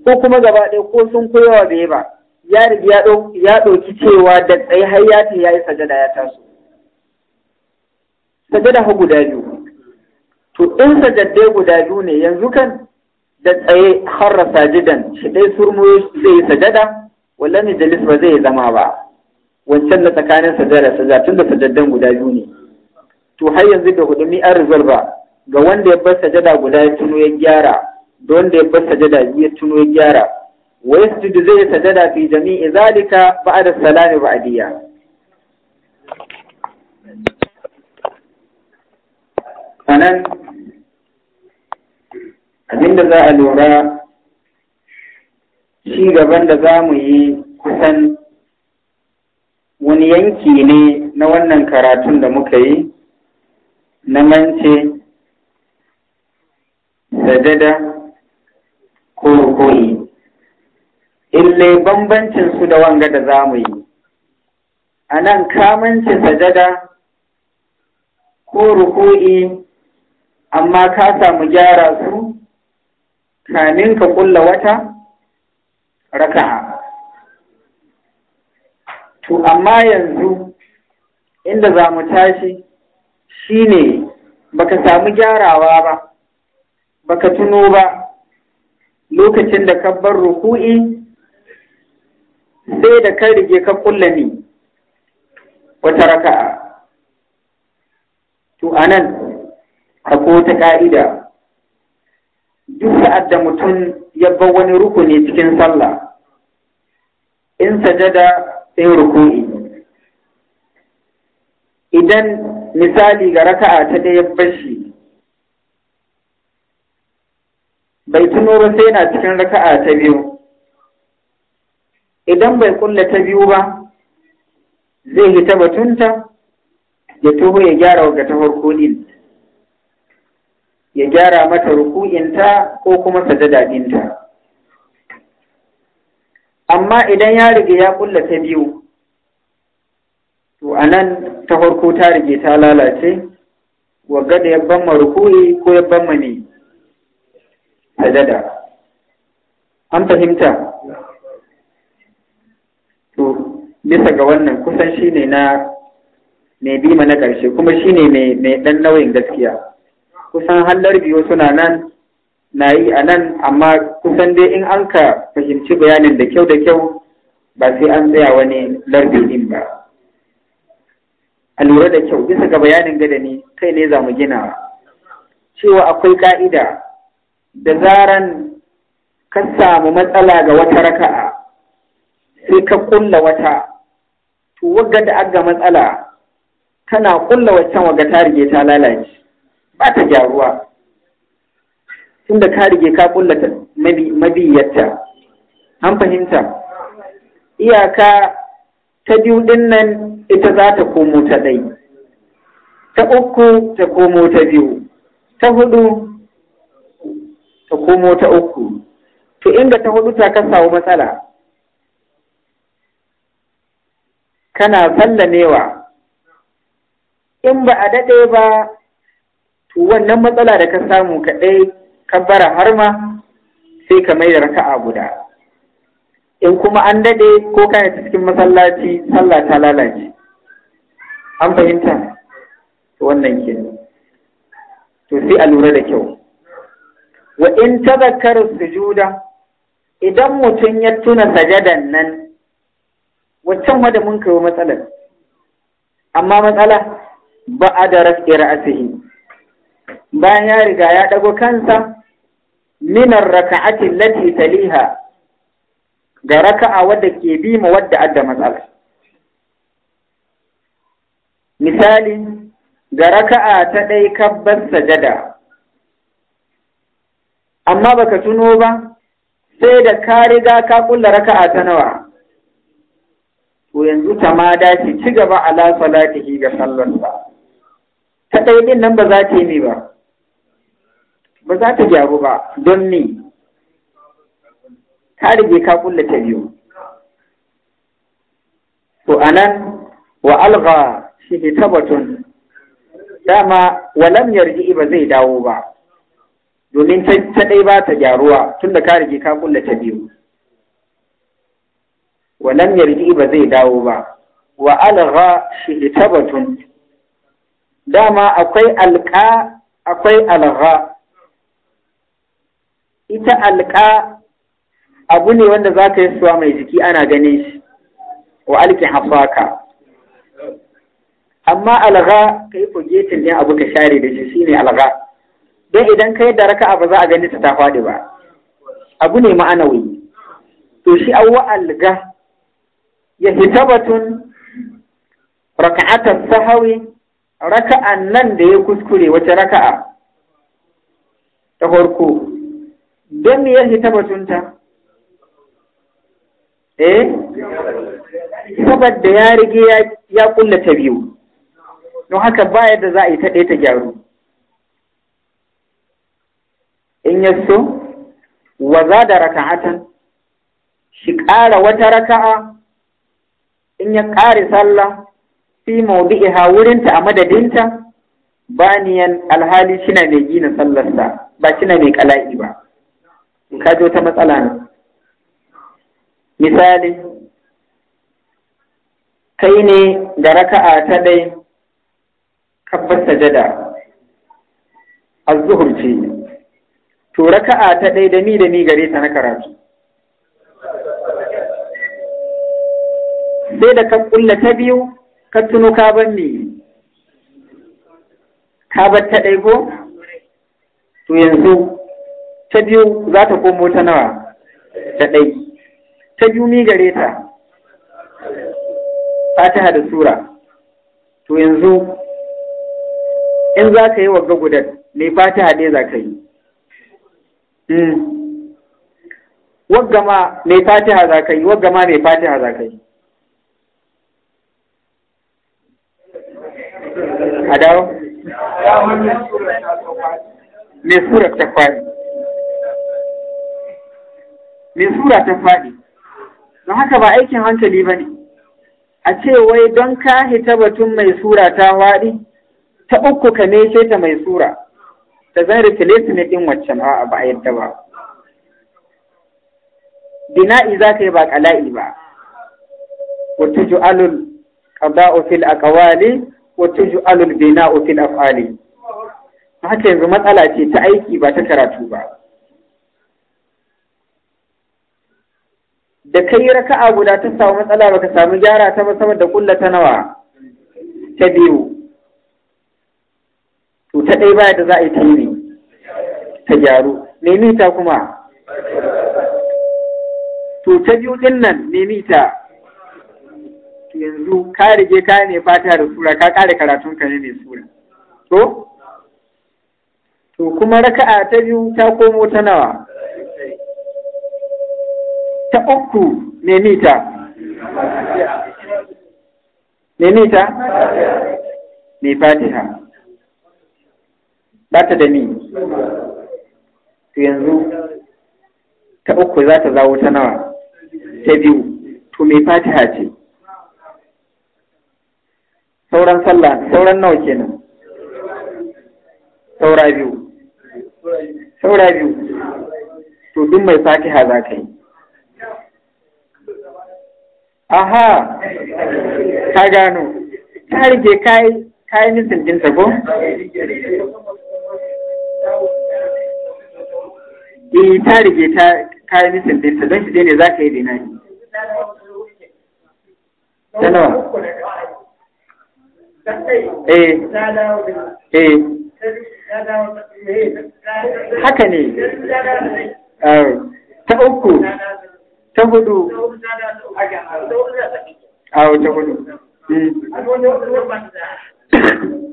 ko kuma gaba ɗaya ko sun koyawa bai ba ya riga ya ɗauki cewa da tsaye har ya ce ya yi sajada ya taso sajada ha guda biyu to in sajaddai guda biyu ne yanzu kan da tsaye harra sajidan shi ɗaya surmuyo zai yi sajada wallan ne jalis ba zai zama ba wancan na tsakanin sajada sajada tun da sajaddan guda biyu ne to har yanzu da hudu an rizal ba ga wanda ya bar sajada guda ya tuno ya gyara da wanda ya bar sajada biyu ya tuno ya gyara wa yasjudu zai sajada fi jami'i zalika ba'da salami ba'diya anan abinda za a lura shi gaban da za mu yi kusan wani yanki ne na wannan karatun da muka yi na mance sajada ko ruku'i illai bambancin su da wanga da za mu yi a nan kamanci sajada ko ruku'i amma ka samu gyara su kamin ka kulla wata raka'a to amma yanzu inda za mu tashi shine baka samu gyarawa ba baka tuno ba lokacin da ka bar ruku'i sai da ka rige ka ni wata raka'a to anan akwai wata ka'ida duk sa'ad da mutum ya bar wani rukuni cikin sallah in sajada sai ruku'i idan misali ga raka'a ta ɗaya bashi bai tuno ba sai yana cikin raka'a ta biyu idan bai ƙulla ta biyu ba zai hita batunta ya tuho ya gyara wa ta farko din ya gyara mata ruku'inta ko kuma sajada dinta amma idan ya riga ya ƙulla ta biyu to anan ta farko ta rige ta lalace wa gada yabban ma ruku'i ko yabban ma ne sajada an fahimta to bisa ga wannan kusan shi ne na mai bima na ƙarshe kuma shi ne mai ɗan nauyin gaskiya kusan hallar biyu suna nan na yi a nan amma kusan dai in an ka fahimci bayanin da kyau da kyau ba sai an tsaya wani larbi din ba a lura da kyau bisa ga bayanin gada ne kai ne za mu gina cewa akwai ka'ida da zaran ka samu matsala ga wata raka'a sai ka kulla wata to wagga da aga matsala tana kulla waccan wagga ta rige ta lalace ba ta gyaruwa tunda ka rige ka kulla mabiyyarta an fahimta iyaka ta biyu din nan ita za ta komo ta ɗai ta uku ta komo ta biyu ta hudu ta komo ta uku to inda ta hudu ta ka samu matsala kana sallamewa in ba a daɗe ba to wannan matsala da ka samu kaɗai ka bara har ma sai ka mai da raka'a guda in kuma an daɗe ko kana cikin masallaci sallah ta lalace an fahimta to wannan kenan to sai a lura da kyau wa in tazakkaru sujuda idan mutum ya tuna sajadan nan waccan wadda mun kawo matsalar amma matsala ba a da ra'asihi bayan ya riga ya ɗago kansa minar raka'ati lati taliha ga raka'a wadda ke bi ma wadda adda matsala misali ga raka'a ta ɗai kabbar sajada amma baka tuno ba sai da ka riga ka kulla raka'a ta nawa to yanzu ma dace ci gaba ala salatihi ga sa. ta ɗaya din nan ba za ta yi ba ba za ta gyaru ba don ni ka rige ka kulla ta biyu to anan wa alga shi ne tabbatun dama walam yarji ba zai dawo ba domin ta ɗai ba ta gyaruwa tun da ka rige ka kulla ta biyu walam yarji ba zai dawo ba wa ita batun. dama akwai alƙa akwai algha ita alƙa abu ne wanda za ka yi suwa mai jiki ana ganin shi wa alki hafaka amma algha ka yi fogetin ne abu ka share da shi shine alga don idan ka yadda raka'a ba za a gani ta ta faɗi ba abu ne ma'anawi to shi awwa alga ya hitabatun raka'atar sahawi raka'an nan da ya kuskure wace raka'a ta farko don me ya ta. eh saboda ya rige ya kulla ta biyu don haka ba yadda za a yi ta ɗaya ta gyaru in ya so wa za da raka'atan shi ƙara wata raka'a in ya ƙare sallah fi mawdi'iha wurinta a madadinta baniyan alhali shina mai gina sallarsa ba shina mai ƙala'i ba ka ta matsala ne misali kai ne da raka'a ta dai kabbar sajada azzuhur ce to raka'a ta ɗaya da ni da ni gare ta na karatu sai da ka kulla ta biyu ka tuno ka ban ni ka bar ta ɗaya ko to yanzu ta biyu za ta komo ta nawa ta ɗai ta biyu ni gare ta fatiha da sura to yanzu in za ka yi wa gudan ne fatiha ɗaya za ka yi Eh. Waggama mai fatiha za ka yi waggama mai fatiha za ka yi a dawo mai sura ta faɗi mai sura ta faɗi don haka ba aikin hankali ba ne a ce wai don ka hita batun mai sura ta faɗi ta uku ka ne ta mai sura da zan tilesi ne din waccan ma, ba a yadda ba bina'i za ka yi ba kala'i ba ƙaba tuj'alul a fil aqwali Alul tuj'alul ofil a af'ali haka yanzu matsala ce ta aiki ba ta karatu ba da yi raka'a guda ta samu matsala ba ka samu gyara ta ba saboda ta nawa ta biyu to ta ɗaya baya da za a yi ta ta gyaru nemi ta kuma to ta biyu ɗin nan nemi ta yanzu ka rige ka ne fata da sura ka kare karatun ka ne mai sura to to kuma raka'a ta biyu ta komo ta nawa ta uku menita menita mai fatiha zata ta da mi to yanzu ta uku za ta zawo ta nawa ta biyu to mai fatiha ce sauran sallah sauran nawa kenan saura biyu saura biyu to duk mai fatiha za ka yi aha ta gano ta rige kayi kayi nisan jinta ko eh ta rige ta kayan nisan ɗinsa don shi ne za ka yi ne. ta nawa eh eh haka ne eh, ta uku ta hudu awo ta hudu hmm.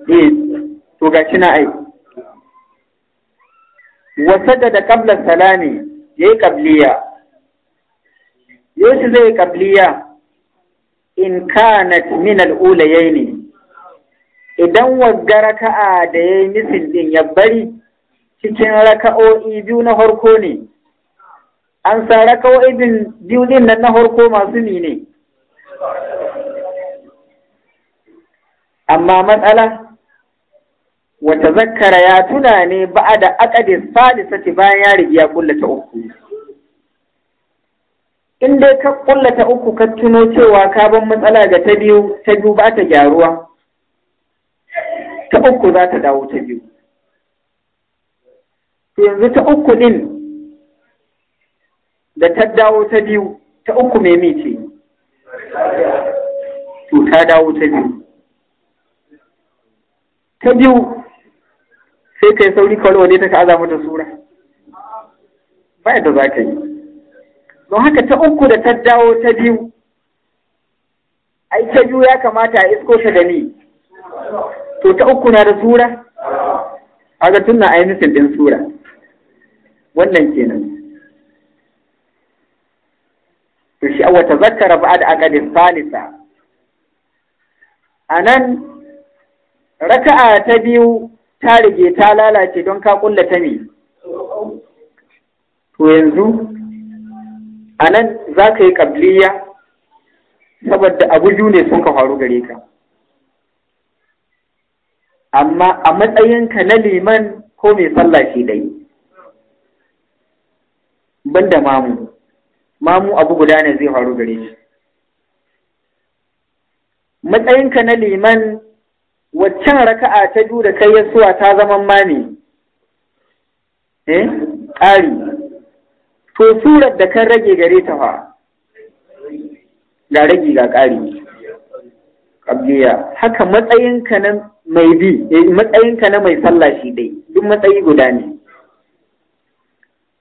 eh to ga shi na aiki wasa da kabla salami ya yi kabliya Yesu zai kabliya in kanat min al'ula ya ne idan wagga raka'a da ya yi misin ɗin ya bari cikin raka'o'i biyu na harko ne an sa raka'o'i biyu ɗin nan na harko masu ni ne amma matsala wata zakkara ya tuna ne ba a da akadin sati bayan ya rigi ya kullata uku in dai ka kullata uku ka tuno cewa ka ban matsala ga ta biyu ta biyu ba ta gyaruwa ta uku za ta dawo ta biyu yanzu ta uku din da ta dawo ta biyu ta uku me mai ce? to ta dawo ta biyu ta biyu sai kai sauri kawai warware ta ka mata sura ba yadda za ka yi don haka ta uku da ta dawo ta biyu ai ta biyu ya kamata a isko ta da ni to ta uku na da sura a ga tunan a yi ɗin sura wannan kenan to shi awa ta zakara ba da akadin salisa a nan raka'a ta biyu ta rige ta lalace don ka kulla ta ne to yanzu a nan za ka yi kabliya saboda abu biyu ne sun ka faru gare ka amma a matsayinka na liman ko mai sallah shi dai banda mamu mamu abu guda ne zai faru gare shi matsayinka na liman waccan raka'a ta biyu da kai yasuwa ta zama mani eh ƙari to surar da kan rage gare ta fa ga rage ga ƙari ƙabliya haka matsayinka na mai bi eh, matsayinka na mai sallah shi dai duk matsayi guda ne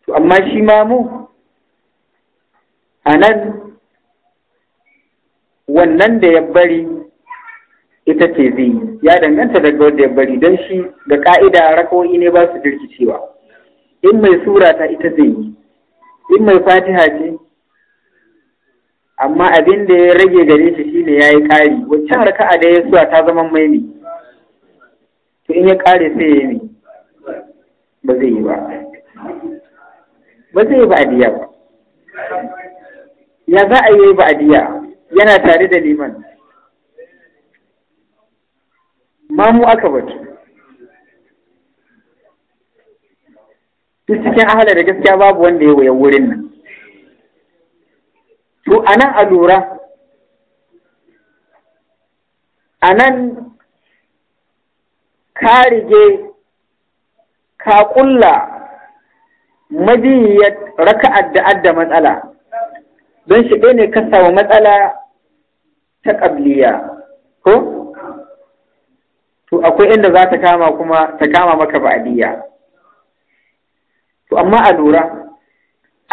to amma shi ma mu a nan wannan da ya bari ita ce zai yi ya danganta daga wanda ya bari don shi da ka'ida rakawoyi ne ba su jirkicewa in mai sura ta ita zai yi in mai fatiha ce amma abin da ya rage gare shi shine ya yi ƙari waccan raka'a da ya suwa ta zama mai ne to in ya ƙare sai ya yi ba zai yi ba ba zai yi ba adiya ba ya za a yi ba adiya yana tare da liman Ma mu aka batu duk cikin ahalar da gaskiya babu wanda ya waya wurin nan to a nan a lura a nan ka rige ka kulla madiyar raka'ar da adda matsala don shi ne ka samu matsala ta ƙabliya ko to akwai inda za ta kama kuma ta kama maka ba'adiyya to amma a lura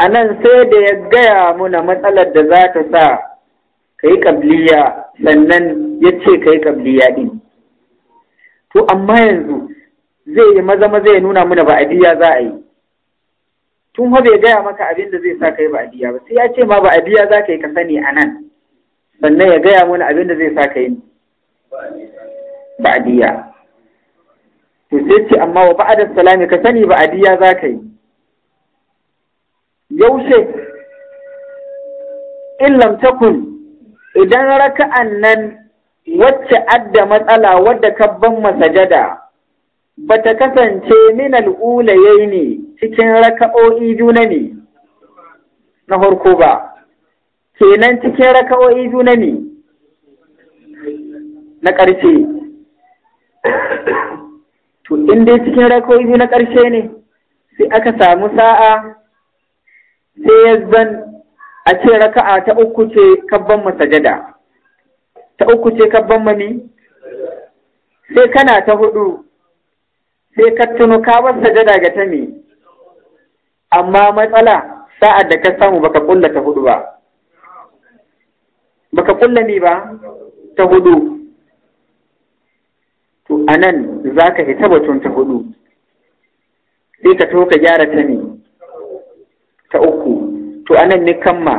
a nan sai da ya gaya muna matsalar da za ta sa ka yi ƙabliya sannan ya ce ka yi ƙabliya ɗin to amma yanzu zai yi maza maza ya nuna muna ba'adiyya za a yi tun ha bai gaya maka abin da zai sa ka yi ba'adiyya ba sai ya ce ma ba'adiyya za ka yi ka sani a nan sannan ya gaya muna abin da zai sa ka yi ba'adiyya to sai ce amma wa ba'da salami ka sani ba'adiyya za ka yi yaushe illam takun idan raka'an nan wacce adda matsala wadda kabban masajada ba ta kasance min al'ulayai ne cikin raka'o'i juna ne na harko ba kenan cikin raka'o'i juna ne na ƙarshe to in dai cikin rakowi biyu na ƙarshe ne sai aka samu sa'a sai ya zan a ce raka'a ta uku ce kabban masajada ta uku ce kabban mani sai kana ta hudu sai ka tuno ka bar sajada ga ta me amma matsala sa'ad da ka samu baka kulla ta hudu ba baka kulla ni ba ta hudu to a nan za ka hita batun ta hudu sai ka to ka gyara ta ne ta uku to a nan ni kamma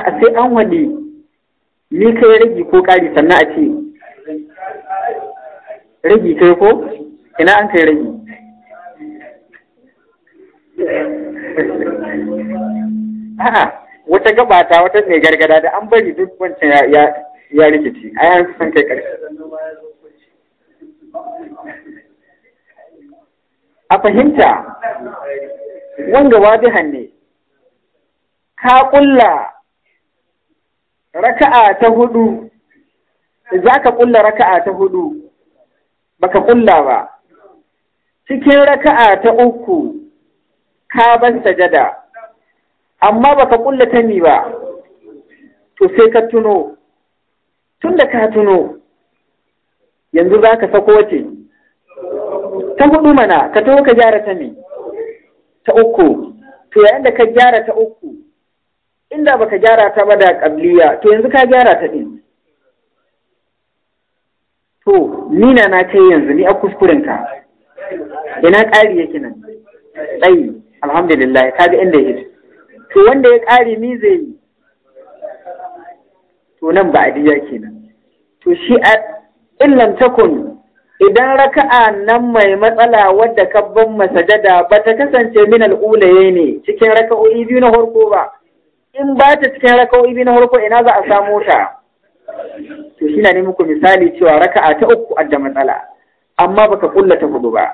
a sai an wani ni ka yi ragi ko ƙari sannan a ce ragi kai ko ina an kai ragi a'a wata gabata wata mai gargada da an bari duk wancan ya a yan san kai a fahimta wanda wadihan ne ka ƙulla raka'a ta hudu za ka ƙulla raka'a ta hudu baka ƙulla ba cikin raka'a ta uku ka ban sajada amma baka ƙulla ni ba to sai ka tuno tun da ka tuno yanzu za ka sako wace ta hudu mana ka taho ka gyara ta me ta uku to yayin da ka gyara ta uku inda baka gyara ta ba da kabliya to yanzu ka gyara ta din to nina na kai yanzu ni a kuskuren ka ina ƙari yake nan tsayi alhamdulillah ka ga inda yake to wanda ya ƙari ni zai yi To nan ba adiya kenan to shi a illan takun idan raka'a nan mai matsala wadda kabban masajada ba ta kasance min al'ulaye ne cikin raka'o'i biyu na harko ba in ba ta cikin raka'o'i biyu na harko ina za a samo ta to shi na ne muku misali cewa raka'a ta uku da matsala amma baka kulla ta hudu ba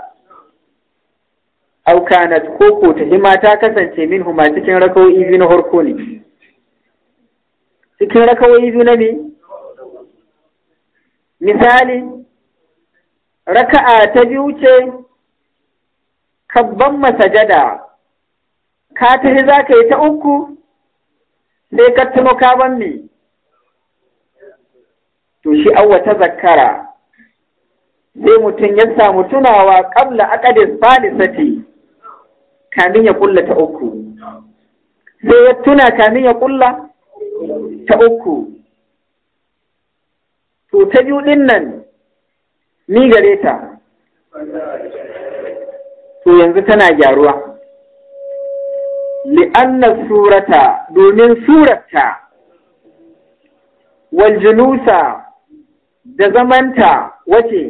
aukanat ko ta hima ta kasance min huma cikin raka'o'i biyu na harko ne cikin rakawoyi biyu na me misali raka'a ta biyu ce kabban masajada ka tafi za ka yi ta uku sai ka tuno ka ban me to shi awwa ta zakara sai mutum ya samu tunawa kabla aqadis sati kamin ya kulla ta uku sai ya tuna kamin ya kulla ta uku to ta biyu din nan ni gare ta to yanzu tana gyaruwa li'annar surata domin surata wal da zamanta wace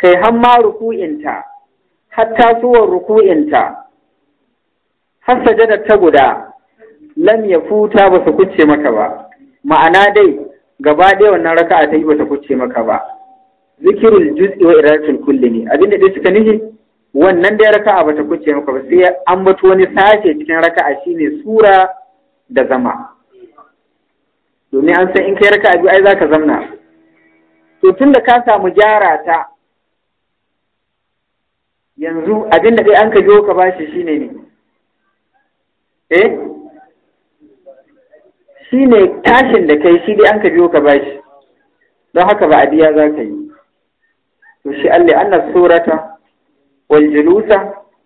kai hamma ruku'inta hatta suwar ruku'inta har sajadar ta guda lam ya futa ba su kuce maka ba ma'ana dai gaba ɗaya wannan raka'a ta yi ba ta kuce maka ba zikirul juz'i wa iratul kulli ne da dai suka nihi wannan dai raka'a ba ta kuce maka ba sai an bato wani sashe cikin raka'a shine sura da zama domin an san in kai raka'a biyu ai zaka zamna to tunda ka samu gyara ta yanzu abin da dai an ka biyo ka bashi shine ne eh shi ne tashin da kai shi dai an ka biyo ka bashi don haka ba a biya za ka yi to shi Allah annas surata wal julusa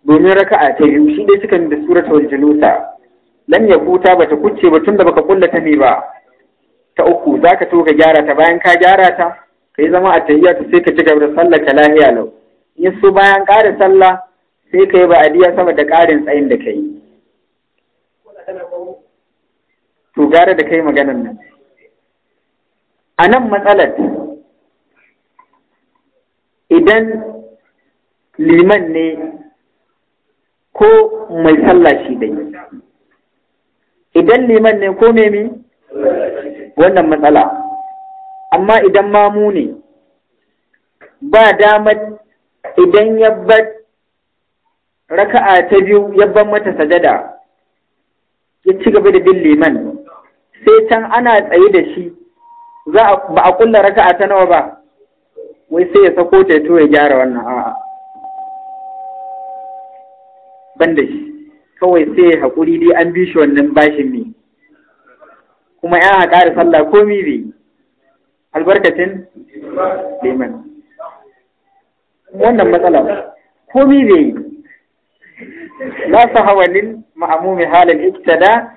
domin raka'a ta biyu shi dai suka da surata wal julusa kuta ba ta kucce ba tunda baka kulla ta ne ba ta uku zaka to ka gyara ta bayan ka gyara ta kai zama a tahiyya ta sai ka ci gaba da sallar ka lahiya lau in su bayan ƙarin sallah sai ka yi ba a sama da ƙarin tsayin da kai to gara da kai maganan nan a nan matsalar idan liman ne ko mai sallah shi dai idan liman ne ko nemi wannan matsala amma idan mamu ne ba damar idan yabba raka'a ta biyu yabban mata sajada ya ci gaba da bin liman sai can ana tsaye da shi za a ba a kulla raka'a ta nawa ba wai sai ya sako ta to ya gyara wannan a'a ban da shi kawai sai ya haƙuri dai an bi shi wannan bashin ne kuma ya haƙa da sallah komi bai albarkacin liman wannan matsala komi bai na sahawanin ma'amumi halin ibtada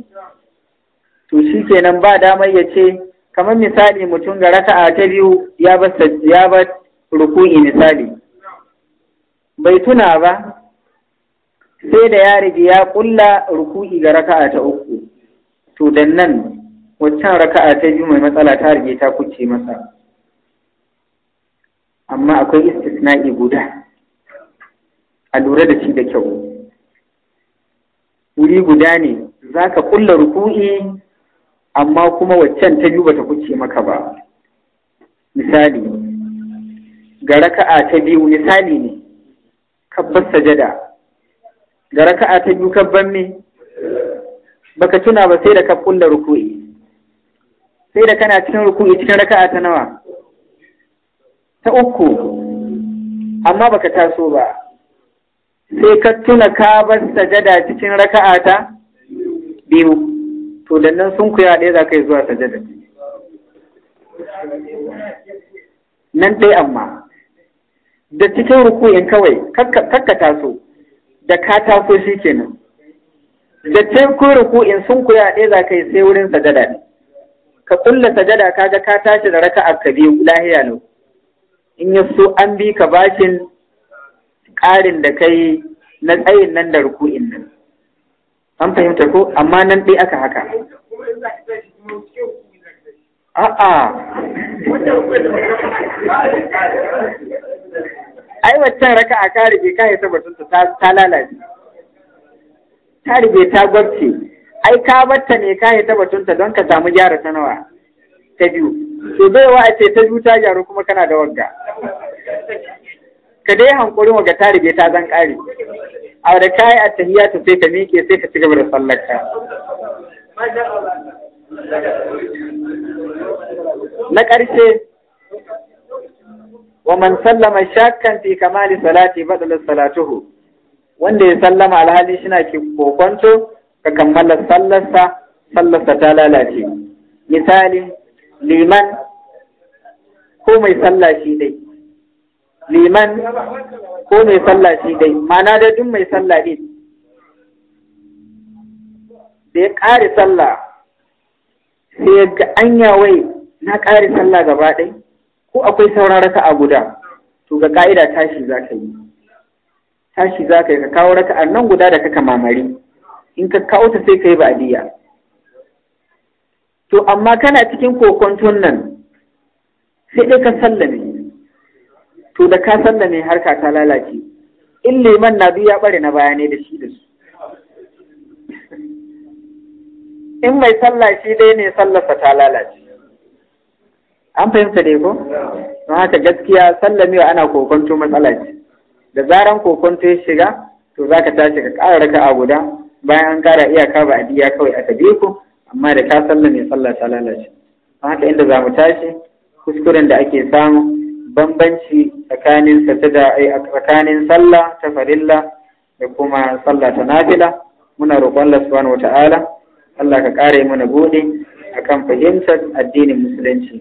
to shi kenan ba damar ya ce kamar misali mutum ga raka'a ta biyu ya bar ya misali bai tuna ba sai da ya rige ya kulla ruku'i ga raka'a ta uku to dan nan waccan raka'a ta biyu mai matsala ta rige ta kuce masa amma akwai istisna'i guda a lura da shi da kyau wuri guda ne za ka kulla ruku'i amma kuma waccan ta biyu bata kuce maka ba misali ga raka'a ta biyu misali ne kabbar sajada ga raka'a ta biyu kabban me baka tuna ba sai da ka kulla ruku'i sai da kana cikin ruku'i cikin raka'a ta nawa ta uku amma baka taso ba sai ka tuna ka bar sajada cikin raka'a ta biyu to da nan sun kuya ɗaya za ka yi zuwa sajada nan ɗaya amma da cikin ruku'in kawai kakka taso da ka taso shi kenan da cikin ruku'in sun kuya ɗaya za ka yi sai wurin sajada ne ka kulla sajada ka ga ka tashi da raka a biyu lahiya ne in ya so an bi ka bashin ƙarin da kai na tsayin nan da ruku'in nan an fahimta ko amma nan dai aka haka a'a ai waccan raka a kare bai kai tabbatun ta ta lalace ta rige ta gwabce ai ka batta ne kai ta ta don ka samu gyara sanawa. ta biyu to dai wa ce ta biyu ta gyaru kuma kana da wagga ka dai hankulin ga ta rige ta zan kare a da kayi a tahiyya ta sai ka miƙe sai ka ci gaba da sallarka na ƙarshe wa man sallama shakkan fi kamali salati badala salatuhu wanda ya sallama alhali shina ki kokonto ka kammala sallarsa sallarsa ta lalace misali liman ko mai sallah shi dai liman ko mai sallah shi dai mana da duk mai sallah din da ya ƙare sallah sai ya ga anya wai na ƙare sallah gaba ɗai ko akwai sauran a guda to ga ka'ida tashi za ka yi tashi za ka yi ka kawo raka a nan guda da kaka mamari in ka kawo ta sai ka yi ba'adiyya to amma kana cikin kokonton nan sai dai ka sallame to da ka san da mai harka ta lalace in liman na duk ya bare na bayanai da shi da su in mai sallah shi dai ne sallarsa ta lalace an fahimta dai ko don haka gaskiya sallamewa ana kokonto matsala ce da zaran kokonto ya shiga to za ka tashi ka ƙara a guda bayan an ƙara iyaka ba a biya kawai aka bi ku amma da ka sallame sallah ta lalace don haka inda za mu tashi kuskuren da ake samu bambanci tsakanin eh, tsakanin sallah ta farilla da kuma sallah ta nafila muna roƙon Allah subhanahu wataala Allah ka ƙara mana bude akan fahimtar addinin musulunci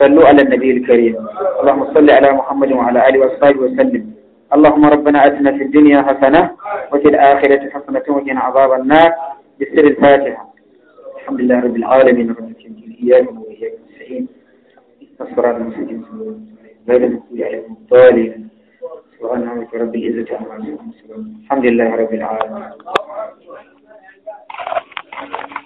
sallu ala nabiyil karim Allahumma salli ala Muhammadin wa ala alihi wa sahbihi wa sallim اللهم ربنا آتنا في الدنيا حسنة وفي الآخرة حسنة وقنا عذاب النار بسر الفاتحة الحمد لله رب العالمين رب العالمين إياكم وإياكم نستعين نصر المسلمين زاد مسؤول علم يعني طاليا سبحان رب العزة عما الحمد لله رب العالمين